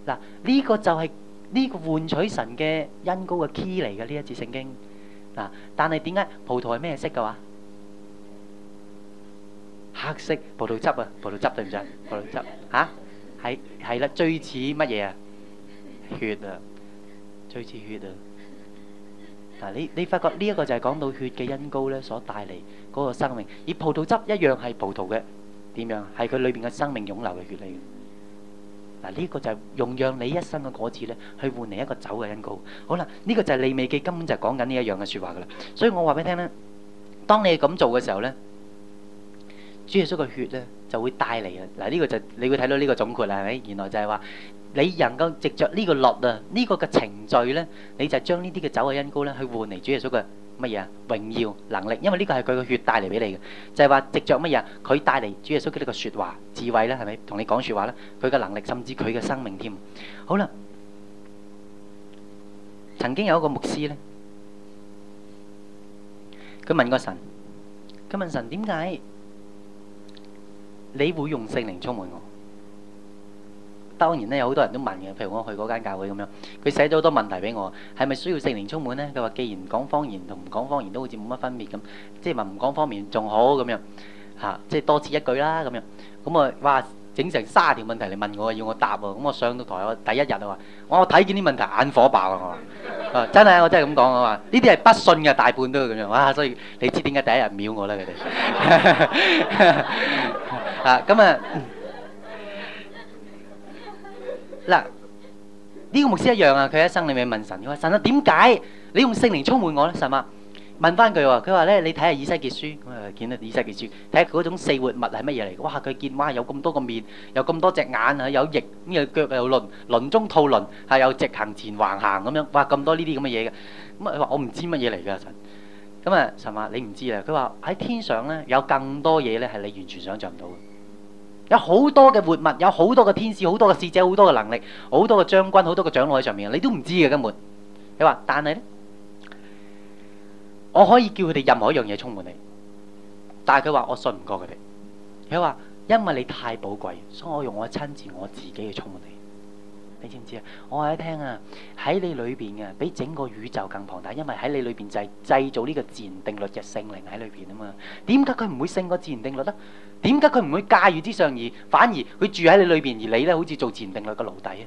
嗱，呢個就係呢個換取神嘅恩膏嘅 key 嚟嘅呢一次聖經。嗱，但係點解葡萄係咩色嘅話？黑色葡萄汁啊，葡萄汁對唔對啊？葡萄汁啊，係係啦，最似乜嘢啊？血啊，最似血啊。嗱，你你發覺呢一個就係講到血嘅恩膏咧，所帶嚟嗰個生命，而葡萄汁一樣係葡萄嘅點樣？係佢裏邊嘅生命湧流嘅血嚟嘅。嗱，呢一個就係用讓你一生嘅果子咧，去換嚟一個酒嘅恩膏。好啦，呢、呢個就係利未記根本就係講緊呢一樣嘅説話噶啦。所以我話俾你聽咧，當你咁做嘅時候咧，煮出個血咧。就會帶嚟啊！嗱，呢個就你會睇到呢個總括啦，係咪？原來就係話你能夠藉著呢個樂啊，呢個嘅程序咧，你就將呢啲嘅酒啊、恩膏咧，去換嚟主耶穌嘅乜嘢啊？榮耀、能力，因為呢個係佢嘅血帶嚟俾你嘅，就係話藉著乜嘢？佢帶嚟主耶穌嘅呢個説話、智慧咧，係咪同你講説話咧？佢嘅能力，甚至佢嘅生命添。好啦，曾經有一個牧師咧，佢問個神，佢問神點解，你會用聖靈充滿我？當然咧，有好多人都問嘅，譬如我去嗰間教會咁樣，佢寫咗好多問題俾我，係咪需要聖靈充滿咧？佢話：既然講方言同唔講方言都好似冇乜分別咁，即係話唔講方言仲好咁樣，嚇，即係多此一舉啦咁樣。咁我話整成卅條問題嚟問我，要我答喎。咁我上到台，我第一日我話：我睇見啲問題眼火爆啊！我話真係啊，我真係咁講啊，我話呢啲係不信嘅大半都係咁樣。哇！所以你知點解第一日秒我啦佢哋。 [laughs] [laughs] 啊，咁啊，嗱，呢個牧師一樣啊，佢一生裏面問神，佢話神啊，點解你用聖靈充滿我咧？神啊，問返佢話，佢話咧，你睇下以西結書，咁啊，見到以西結書，睇下佢嗰種四活物係乜嘢嚟？哇！佢見哇有咁多個面，有咁多隻眼啊，有翼，咩腳又輪輪中套輪，係有直行前橫行咁樣，哇！咁多呢啲咁嘅嘢嘅，咁啊，佢話我唔知乜嘢嚟㗎神，咁啊，神啊，你唔知啊，佢話喺天上咧有更多嘢咧係你完全想象唔到。有好多嘅活物，有好多嘅天使，好多嘅使者，好多嘅能力，好多嘅將軍，好多嘅長老喺上面啊，你都唔知嘅根本。你話，但係呢，我可以叫佢哋任何一樣嘢充滿你，但係佢話我信唔過佢哋。佢話因為你太寶貴，所以我用我親自我自己去充滿你。你知唔知啊？我話你聽啊，喺你裏邊啊，比整個宇宙更龐大，因為喺你裏邊就係製造呢個自然定律嘅聖靈喺裏邊啊嘛。點解佢唔會勝過自然定律呢？點解佢唔會駕馭之上而反而佢住喺你裏邊，而你咧好似做自然定律嘅奴隸啊？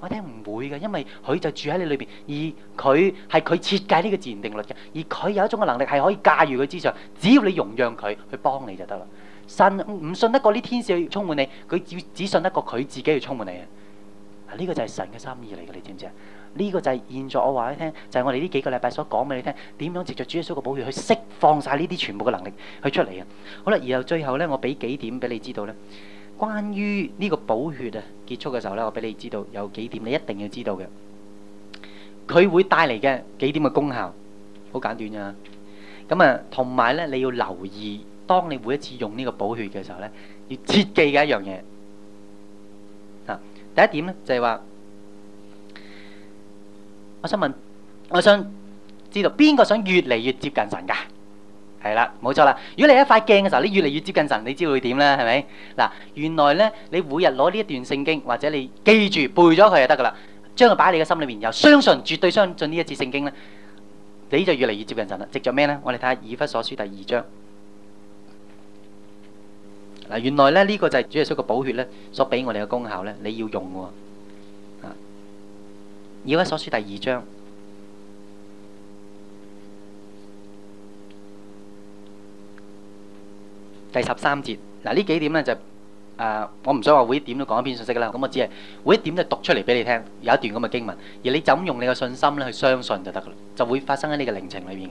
我聽唔會嘅，因為佢就住喺你裏邊，而佢係佢設計呢個自然定律嘅，而佢有一種嘅能力係可以駕馭佢之上，只要你容讓佢去幫你就得啦。信唔信得過啲天使去充滿你？佢只只信得過佢自己去充滿你啊！呢個就係神嘅心意嚟嘅，你知唔知啊？呢個就係現在我話俾你聽，就係我哋呢幾個禮拜所講俾你聽，點樣藉著主耶穌嘅寶血去釋放晒呢啲全部嘅能力去出嚟嘅。好啦，然後最後咧，我俾幾點俾你知道咧，關於呢個寶血啊，結束嘅時候咧，我俾你知道有幾點你一定要知道嘅。佢會帶嚟嘅幾點嘅功效，好簡短啫。咁啊，同埋咧，你要留意，當你每一次用呢個寶血嘅時候咧，要切記嘅一樣嘢。第一點咧，就係話，我想問，我想知道邊個想越嚟越接近神噶？係啦，冇錯啦。如果你一塊鏡嘅時候，你越嚟越接近神，你知會點咧？係咪？嗱，原來咧，你每日攞呢一段聖經，或者你記住背咗佢就得噶啦，將佢擺喺你嘅心裏面，又相信絕對相信呢一次聖經咧，你就越嚟越接近神啦。藉着咩咧？我哋睇下以弗所書第二章。嗱，原來咧呢、這個就係主耶穌嘅寶血呢，所俾我哋嘅功效呢，你要用喎。啊，以弗所書第二章第十三節，嗱呢幾點呢？就。誒、呃，我唔想話會一點都講一篇信息啦，咁我只係會一點就讀出嚟，俾你聽，有一段咁嘅經文，而你就咁用你嘅信心咧去相信就得噶啦，就會發生喺呢個靈程裏面。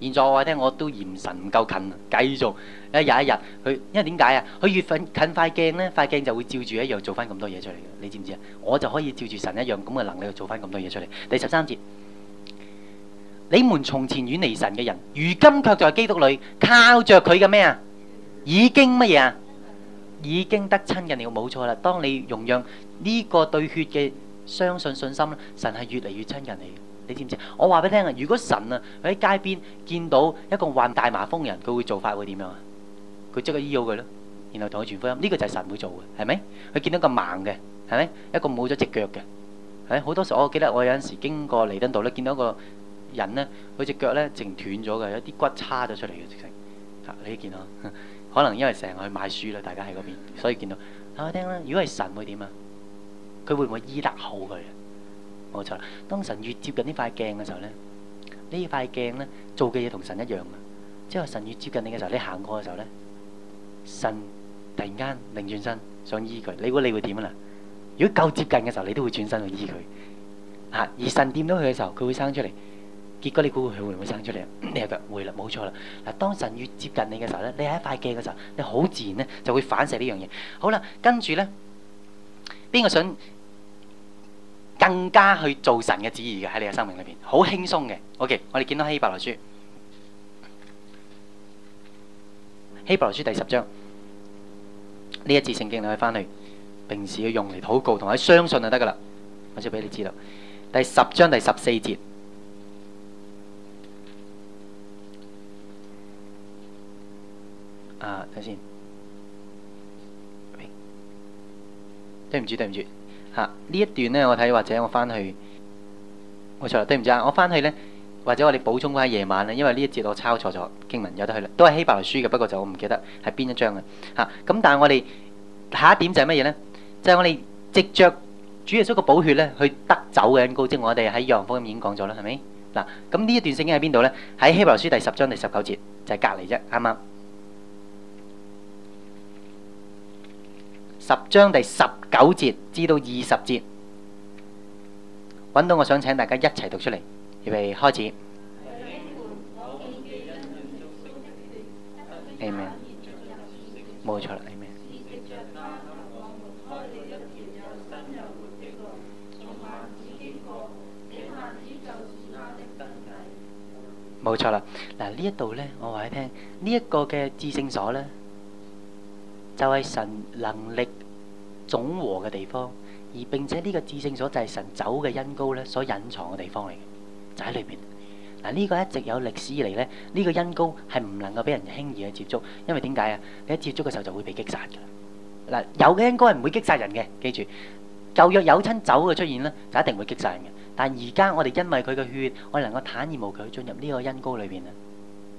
現在嘅話咧，我都嫌神唔夠近，繼續一日一日佢因為點解啊？佢越近塊鏡，呢塊鏡就會照住一樣做翻咁多嘢出嚟嘅，你知唔知啊？我就可以照住神一樣咁嘅能力去做翻咁多嘢出嚟。第十三節，你們從前遠離神嘅人，如今卻在基督裏，靠着佢嘅咩啊？已經乜嘢啊？已經得親近了，冇錯啦。當你容讓呢個對血嘅相信信心，神係越嚟越親近你。你知唔知？我話俾你聽啊，如果神啊佢喺街邊見到一個患大麻風嘅人，佢會做法會點樣啊？佢即刻醫好佢咯，然後同佢傳福音。呢個就係神會做嘅，係咪？佢見到個盲嘅，係咪？一個冇咗隻腳嘅，係好多時我記得我有陣時經過彌敦道咧，見到一個人咧，佢隻腳咧淨斷咗嘅，有啲骨叉咗出嚟嘅直情。啊，你見到啊～可能因為成日去買書啦，大家喺嗰邊，所以見到睇下聽啦。如果係神會點啊？佢會唔會醫得好佢啊？冇錯啦。當神越接近呢塊鏡嘅時候咧，呢塊鏡咧做嘅嘢同神一樣嘅，即係神越接近你嘅時候，你行過嘅時候咧，神突然間擰轉身想醫佢，你估你會點啊啦？如果夠接近嘅時候，你都會轉身去醫佢嚇。而神掂到佢嘅時候，佢會生出嚟。結果你估佢會唔會生出嚟啊？你又話會啦，冇錯啦。嗱，當神越接近你嘅時候咧，你喺一塊鏡嘅時候，你好自然咧就會反射呢樣嘢。好啦，跟住咧，邊個想更加去做神嘅旨意嘅喺你嘅生命裏邊？好輕鬆嘅。OK，我哋見到希伯來書，希伯來書第十章呢一節聖經，你可以翻去，平時要用嚟禱告同埋相信就得噶啦。我先俾你知道，第十章第十四節。啊，睇先。對唔住，對唔住，吓呢一段咧，我睇或者我翻去冇錯啦。對唔住啊，我翻去咧或者我哋補充翻夜晚咧，因為呢一節我抄錯咗經文，有得去啦。都係希伯來書嘅，不過就我唔記得係邊一章啊。吓咁，但係我哋下一點就係乜嘢咧？就係、是、我哋藉着主耶穌個寶血咧，去得走嘅。高職我哋喺方福已經講咗啦，係咪？嗱咁呢一段聖經喺邊度咧？喺希伯來書第十章第十九節，就係隔籬啫，啱唔啱？十章第十九節至到二十節，揾到我想請大家一齊讀出嚟，預備開始。阿門。冇錯啦。阿門。冇錯啦。嗱呢一度呢，我話你聽，呢、這、一個嘅至聖所呢，就係神能力總和嘅地方，而並且呢個至聖所就係神走嘅恩膏咧所隱藏嘅地方嚟嘅，就喺裏邊。嗱呢個一直有歷史以嚟咧，呢個恩膏係唔能夠俾人輕易去接觸，因為點解啊？你一接觸嘅時候就會被擊殺㗎。嗱有嘅恩膏係唔會擊殺人嘅，記住。舊約有親走嘅出現咧，就一定會擊殺人嘅。但係而家我哋因為佢嘅血，我哋能夠坦然無懼進入呢個恩膏裏邊啊，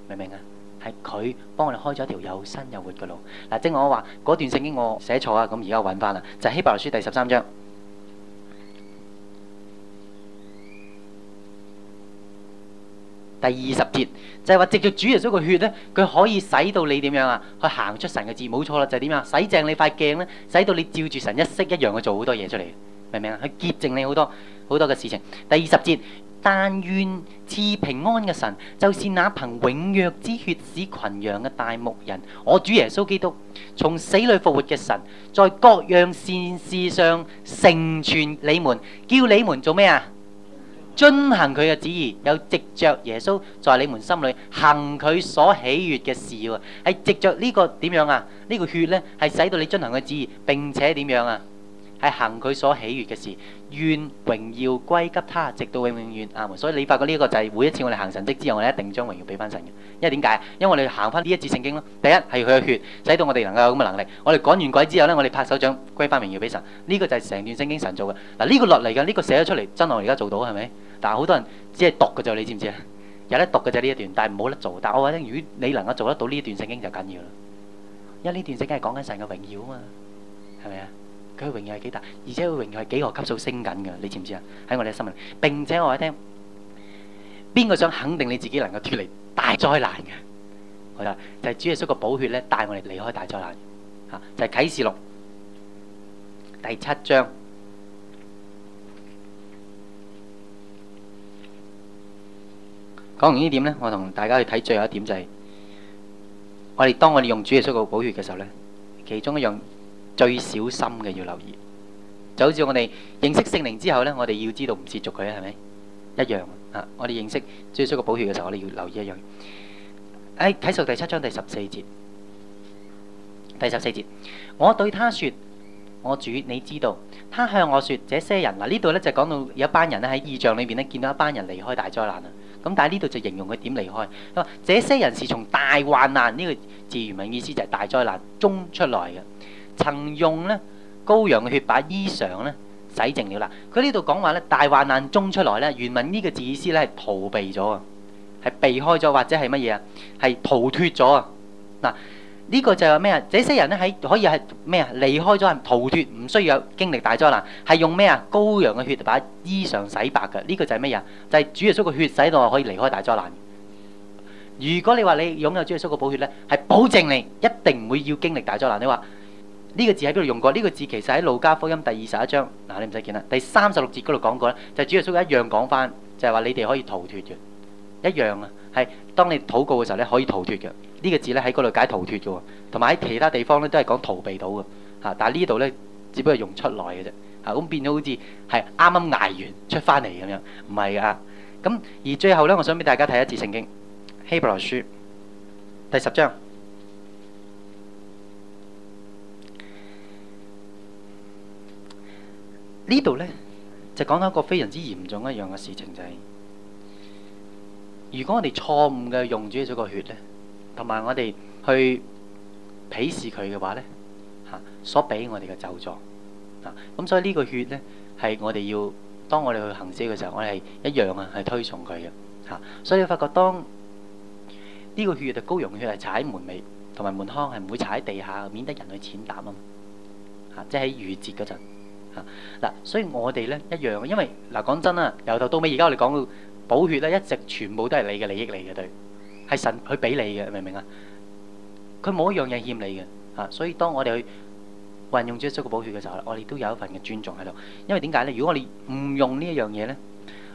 明唔明啊？係佢幫我哋開咗一條又新又活嘅路正我話。嗱，即我話嗰段聖經我寫錯啊，咁而家揾翻啦，就係、希伯來書第十三章第二十節，就係話直接煮嚟咗個血呢，佢可以使到你點樣啊？去行出神嘅字，冇錯啦，就係點樣啊？洗淨你塊鏡呢，使到你照住神一式一樣去做好多嘢出嚟，明唔明啊？去潔淨你好多好多嘅事情。第二十節。但願賜平安嘅神，就是那憑永約之血使群羊嘅大牧人。我主耶穌基督，從死裏復活嘅神，在各樣善事上成全你們，叫你們做咩啊？遵行佢嘅旨意，又藉着耶穌在你們心裏行佢所喜悦嘅事喎。係藉着呢個點樣啊？呢個血咧，係使到你遵行嘅旨意，並且點樣啊？係行佢所喜悅嘅事，願榮耀歸給他，直到永永遠遠。所以你發覺呢一個就係每一次我哋行神跡之後，我哋一定將榮耀俾翻神嘅。因為點解？因為我哋行翻呢一節聖經咯。第一係佢嘅血，使到我哋能夠有咁嘅能力。我哋趕完鬼之後呢，我哋拍手掌歸翻榮耀俾神。呢、這個就係成段聖經神做嘅嗱。呢、這個落嚟嘅呢個寫咗出嚟，真係我而家做到係咪？但係好多人只係讀嘅就，你知唔知啊？有得讀嘅就呢一段，但係冇得做。但我話咧，如果你能夠做得到呢一段聖經就緊要啦，因為呢段聖經係講緊神嘅榮耀啊嘛，係咪啊？佢嘅容量係幾大，而且佢嘅容量係幾何級數升緊嘅，你知唔知啊？喺我哋嘅心入，並且我話你聽，邊個想肯定你自己能夠脫離大災難嘅？我話就係主耶穌嘅寶血咧，帶我哋離開大災難嚇，就係啟示錄第七章。講完呢點咧，我同大家去睇最後一點就係，我哋當我哋用主耶穌嘅寶血嘅時候咧，其中一樣。最小心嘅要留意，就好似我哋認識聖靈之後呢，我哋要知道唔接觸佢咧，係咪一樣啊？我哋認識最需要個寶血嘅時候，我哋要留意一樣。誒、哎，啟示第七章第十四節，第十四節，我對他說我主，你知道他向我說，這些人嗱，啊、呢度就講到有一班人咧，喺異象裏面咧，見到一班人離開大災難啊。咁但係呢度就形容佢點離開，佢、啊、話這些人是從大患難呢、這個字原文意思就係大災難中出來嘅。曾用咧羔羊嘅血把衣裳咧洗淨了啦。佢呢度講話咧大患難中出來咧，原文呢個字意思咧係逃避咗啊，係避開咗或者係乜嘢啊？係逃脱咗啊！嗱，呢個就係咩啊？這些人咧喺可以係咩啊？離開咗係逃脱，唔需要有經歷大災難，係用咩啊？羔羊嘅血把衣裳洗白嘅。呢、這個就係乜嘢啊？就係、是、主耶穌嘅血洗到可以離開大災難。如果你話你擁有主耶穌嘅寶血咧，係保證你一定唔會要經歷大災難。你話？呢個字喺邊度用過？呢個字其實喺路加福音第二十一章嗱，你唔使見啦，第三十六節嗰度講過咧，就主耶穌一樣講翻，就係話你哋可以逃脫嘅，一樣啊，係當你禱告嘅時候咧可以逃脫嘅，呢個字咧喺嗰度解逃脫嘅喎，同埋喺其他地方咧都係講逃避到嘅，嚇，但係呢度咧只不過用出來嘅啫，嚇，咁變咗好似係啱啱捱完出翻嚟咁樣，唔係啊，咁而最後咧，我想俾大家睇一次聖經希伯來書第十章。呢度呢，就講到一個非常之嚴重一樣嘅事情，就係、是、如果我哋錯誤嘅用住咗、啊、個血呢，同埋我哋去鄙視佢嘅話呢，嚇，所俾我哋嘅咒詛，咁所以呢個血呢，係我哋要當我哋去行事嘅時候，我哋係一樣啊係推崇佢嘅嚇。所以你發覺當呢個血嘅、就是、羔羊血係踩門楣同埋門框係唔會踩喺地下，免得人去踐踏啊！嚇，即係逾越節嗰陣。嗱，所以我哋咧一樣，因為嗱講真啊，由頭到尾而家我哋講到寶血咧，一直全部都係你嘅利益嚟嘅，對，係神去俾你嘅，明唔明啊？佢冇一樣嘢欠你嘅，啊，所以當我哋去運用咗呢個寶血嘅時候咧，我哋都有一份嘅尊重喺度，因為點解咧？如果我哋唔用呢一樣嘢咧，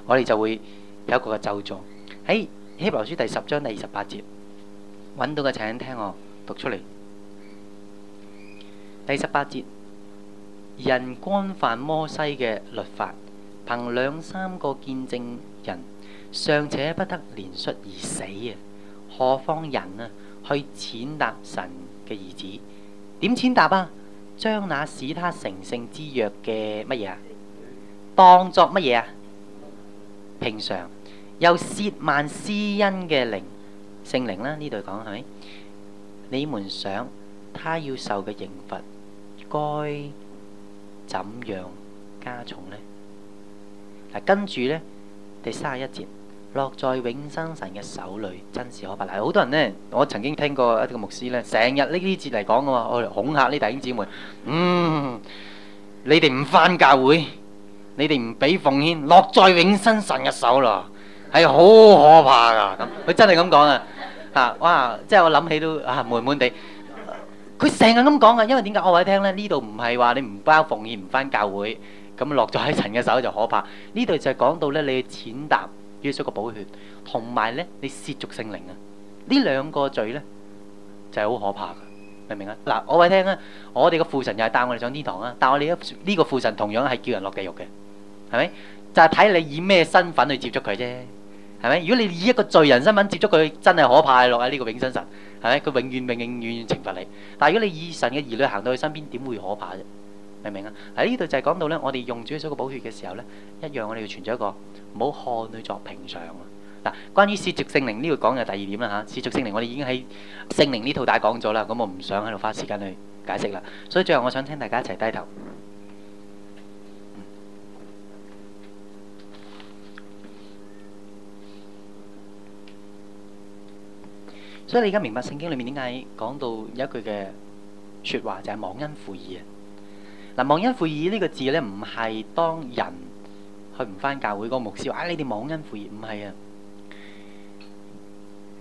我哋就會有一個嘅咒狀，喺希伯來書第十章第二十八節揾到嘅，請聽我讀出嚟，第二十八節。人干犯摩西嘅律法，憑兩三個見證人尚且不得憐恤而死啊，何況人啊去踐踏神嘅兒子？點踐踏啊？將那使他成聖之約嘅乜嘢啊，當作乜嘢啊？平常又褻慢施恩嘅靈，聖靈啦，呢度講係咪？你們想他要受嘅刑罰該？怎樣加重咧？嗱，跟住咧，第三十一節，落在永生神嘅手裏，真是可怕。係好多人咧，我曾經聽過一個牧師咧，成日呢啲節嚟講嘅話，我哋恐嚇呢弟兄姊妹。嗯，你哋唔翻教會，你哋唔俾奉獻，落在永生神嘅手咯，係好可怕㗎。咁佢真係咁講啊！嚇哇，即係我諗起都啊悶悶地。佢成日咁講啊，因為點解？我位聽咧，呢度唔係話你唔包奉獻唔返教會，咁落咗喺神嘅手就可怕。呢度就係講到咧，你去踐踏耶穌嘅寶血，同埋咧你褻瀆聖靈啊，呢兩個罪咧就係好可怕嘅，明唔明啊？嗱，我位聽啊，我哋嘅父神又係帶我哋上天堂啊，但我哋呢個父神同樣係叫人落地獄嘅，係咪？就係、是、睇你以咩身份去接觸佢啫。係咪？如果你以一個罪人身份接觸佢，真係可怕，落喺呢個永生神，係咪？佢永遠、永遠、永遠懲罰你。但係如果你以神嘅兒侶行到佢身邊，點會可怕啫？明唔明啊？喺呢度就係講到呢，我哋用主嘅水去寶血嘅時候呢，一樣我哋要存著一個，唔好看佢作平常啊！嗱，關於赦罪聖靈呢個講嘅第二點啦嚇。赦罪聖靈我哋已經喺聖靈呢套帶講咗啦，咁我唔想喺度花時間去解釋啦。所以最後我想請大家一齊低頭。所以你而家明白聖經裏面點解講到有一句嘅說話就係、是、忘恩負義啊！嗱，忘恩負義呢個字咧，唔係當人去唔翻教會嗰個牧師話啊、哎，你哋忘恩負義唔係啊！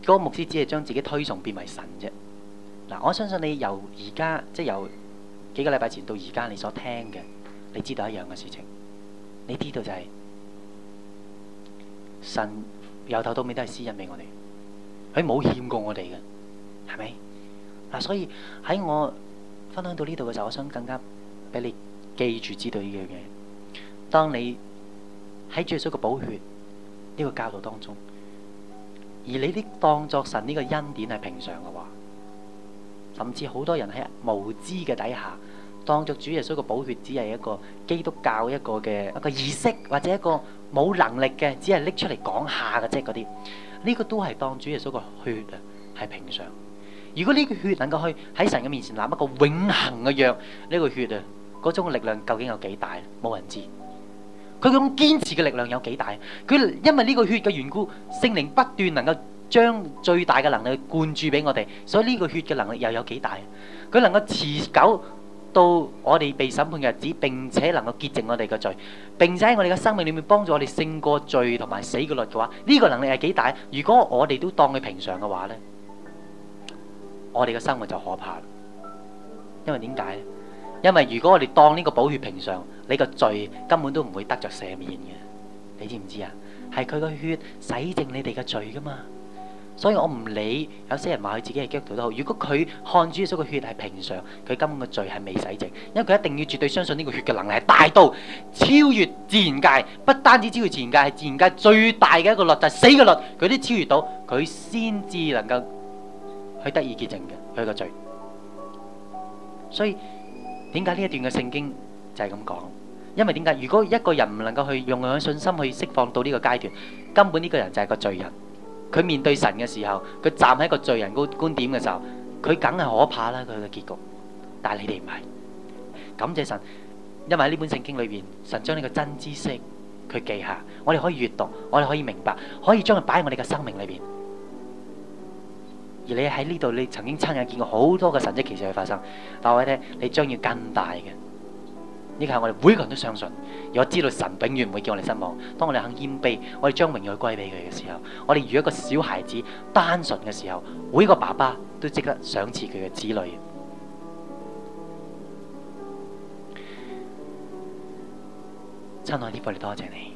嗰個牧師只係將自己推崇變為神啫。嗱，我相信你由而家即係由幾個禮拜前到而家你所聽嘅，你知道一樣嘅事情，你知道就係、是、神由頭到尾都係施恩畀我哋。佢冇欠過我哋嘅，係咪？嗱，所以喺我分享到呢度嘅時候，我想更加俾你記住知道呢樣嘢。當你喺主耶穌嘅寶血呢個教導當中，而你啲當作神呢個恩典係平常嘅話，甚至好多人喺無知嘅底下，當作主耶穌嘅寶血，只係一個基督教一個嘅一個儀式，或者一個冇能力嘅，只係拎出嚟講下嘅啫，嗰啲。呢個都係當主耶穌個血啊，係平常。如果呢個血能夠去喺神嘅面前攬一個永恆嘅約，呢個血啊，嗰種力量究竟有幾大？冇人知。佢咁堅持嘅力量有幾大？佢因為呢個血嘅緣故，聖靈不斷能夠將最大嘅能力灌注俾我哋，所以呢個血嘅能力又有幾大？佢能夠持久。到我哋被審判嘅日子，並且能夠潔淨我哋嘅罪，並且喺我哋嘅生命裏面幫助我哋勝過罪同埋死嘅律嘅話，呢個能力係幾大？如果我哋都當佢平常嘅話呢，我哋嘅生活就可怕。因為點解？因為如果我哋當呢個寶血平常，你個罪根本都唔會得着赦免嘅，你知唔知啊？係佢個血洗淨你哋嘅罪噶嘛。所以我唔理有些人話佢自己係基督徒都好，如果佢看住所個血係平常，佢根本個罪係未洗淨，因為佢一定要絕對相信呢個血嘅能力係大到超越自然界，不單止超越自然界，係自然界最大嘅一個律就係死嘅律，佢都超越到，佢先至能夠去得以潔淨嘅佢個罪。所以點解呢一段嘅聖經就係咁講？因為點解？如果一個人唔能夠去用佢嘅信心去釋放到呢個階段，根本呢個人就係個罪人。佢面對神嘅時候，佢站喺一個罪人嗰觀點嘅時候，佢梗係可怕啦，佢嘅結局。但係你哋唔係，感謝神，因為喺呢本聖經裏邊，神將呢個真知識佢記下，我哋可以閲讀，我哋可以明白，可以將佢擺喺我哋嘅生命裏邊。而你喺呢度，你曾經親眼見過好多嘅神跡奇事去發生，但係我話你，你將要更大嘅。呢係我哋每一個人都相信，如果知道神永遠唔會叫我哋失望。當我哋肯謙卑，我哋將榮耀歸俾佢嘅時候，我哋如一個小孩子單純嘅時候，每個爸爸都值得賞賜佢嘅子女。親愛的天父，多謝你，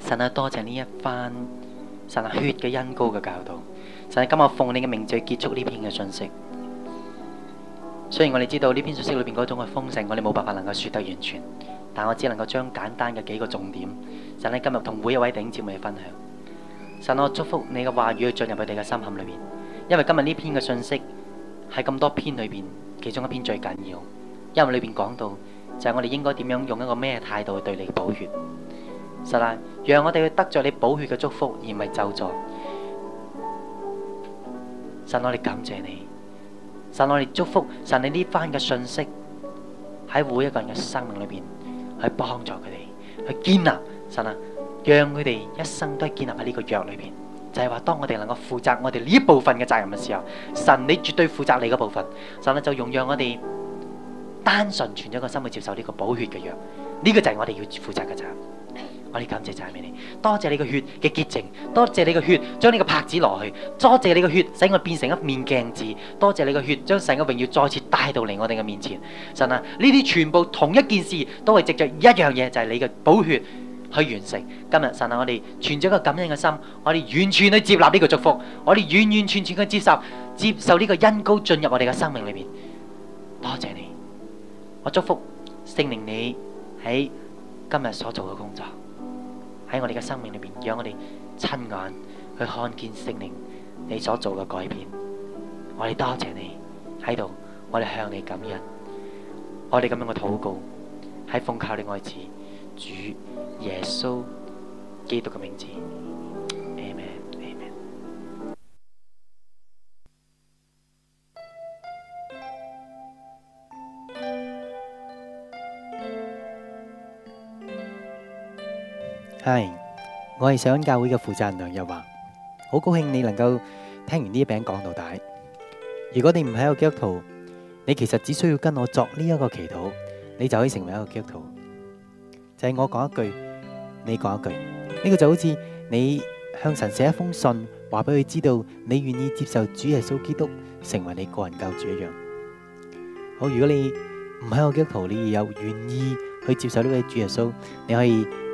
神啊，多謝呢一番神啊血嘅恩膏嘅教導。神啊，今日奉你嘅名就結束呢篇嘅信息。雖然我哋知道呢篇信息裏邊嗰種嘅豐盛，我哋冇辦法能夠說得完全，但我只能夠將簡單嘅幾個重點，神喺今日同每一位弟兄姐妹嘅分享。神，我祝福你嘅話語去進入佢哋嘅心坎裏面，因為今日呢篇嘅信息喺咁多篇裏邊，其中一篇最緊要，因為裏邊講到就係、是、我哋應該點樣用一個咩態度去對你嘅寶血。神啊，讓我哋去得着你寶血嘅祝福而唔係咒詛。神，我哋感謝你。神我哋祝福，神你呢番嘅信息喺每一個人嘅生命裏邊，去幫助佢哋，去建立，神啊，讓佢哋一生都係建立喺呢個藥裏邊，就係、是、話當我哋能夠負責我哋呢一部分嘅責任嘅時候，神你絕對負責你嘅部分，神啊就容讓我哋單純存咗個心去接受呢個寶血嘅藥，呢、這個就係我哋要負責嘅責任。我哋感謝就係你，多謝你個血嘅潔淨，多謝你個血將呢個帕子攞去，多謝你個血使我變成一面鏡子，多謝你個血將成個榮耀再次帶到嚟我哋嘅面前。神啊，呢啲全部同一件事，都係藉着一樣嘢，就係、是、你嘅寶血去完成。今日神啊，我哋存着一個感恩嘅心，我哋完全去接納呢個祝福，我哋完完全全去接受，接受呢個恩膏進入我哋嘅生命裏面。多謝你，我祝福聖靈你喺今日所做嘅工作。喺我哋嘅生命裏面，讓我哋親眼去看見聖靈你所做嘅改變。我哋多謝，謝你喺度，我哋向你感恩，我哋咁樣嘅禱告，喺奉靠你愛子主耶穌基督嘅名字。係，我係上恩教會嘅負責人梁日華，好高興你能夠聽完呢一餅講到底。如果你唔係一個基督徒，你其實只需要跟我作呢一個祈禱，你就可以成為一個基督徒。就係我講一句，你講一句，呢個就好似你向神寫一封信，話俾佢知道你願意接受主耶穌基督成為你個人救主一樣。好，如果你唔係一個基督徒，你又願意去接受呢位主耶穌，你可以。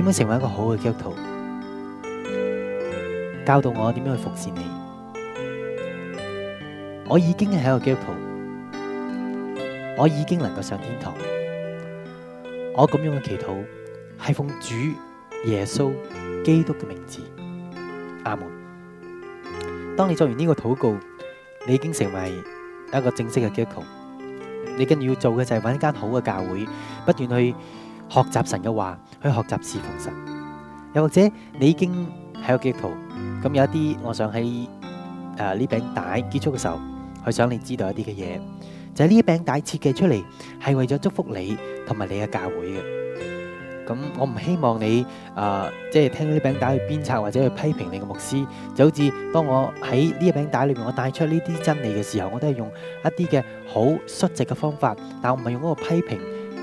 點樣成為一個好嘅基督徒？教導我點樣去服侍你？我已經係一個基督徒，我已經能夠上天堂。我咁樣嘅祈禱係奉主耶穌基督嘅名字，阿門。當你做完呢個禱告，你已經成為一個正式嘅基督徒。你跟住要做嘅就係揾一間好嘅教會，不斷去學習神嘅話。去學習侍奉神，又或者你已經喺個基督徒。咁有一啲，我想喺誒呢餅帶結束嘅時候，去想你知道一啲嘅嘢，就係、是、呢餅帶設計出嚟係為咗祝福你同埋你嘅教會嘅。咁我唔希望你誒，即、呃、係、就是、聽呢餅帶去鞭策或者去批評你嘅牧師，就好似當我喺呢餅帶裏面，我帶出呢啲真理嘅時候，我都係用一啲嘅好率直嘅方法，但我唔係用嗰個批評。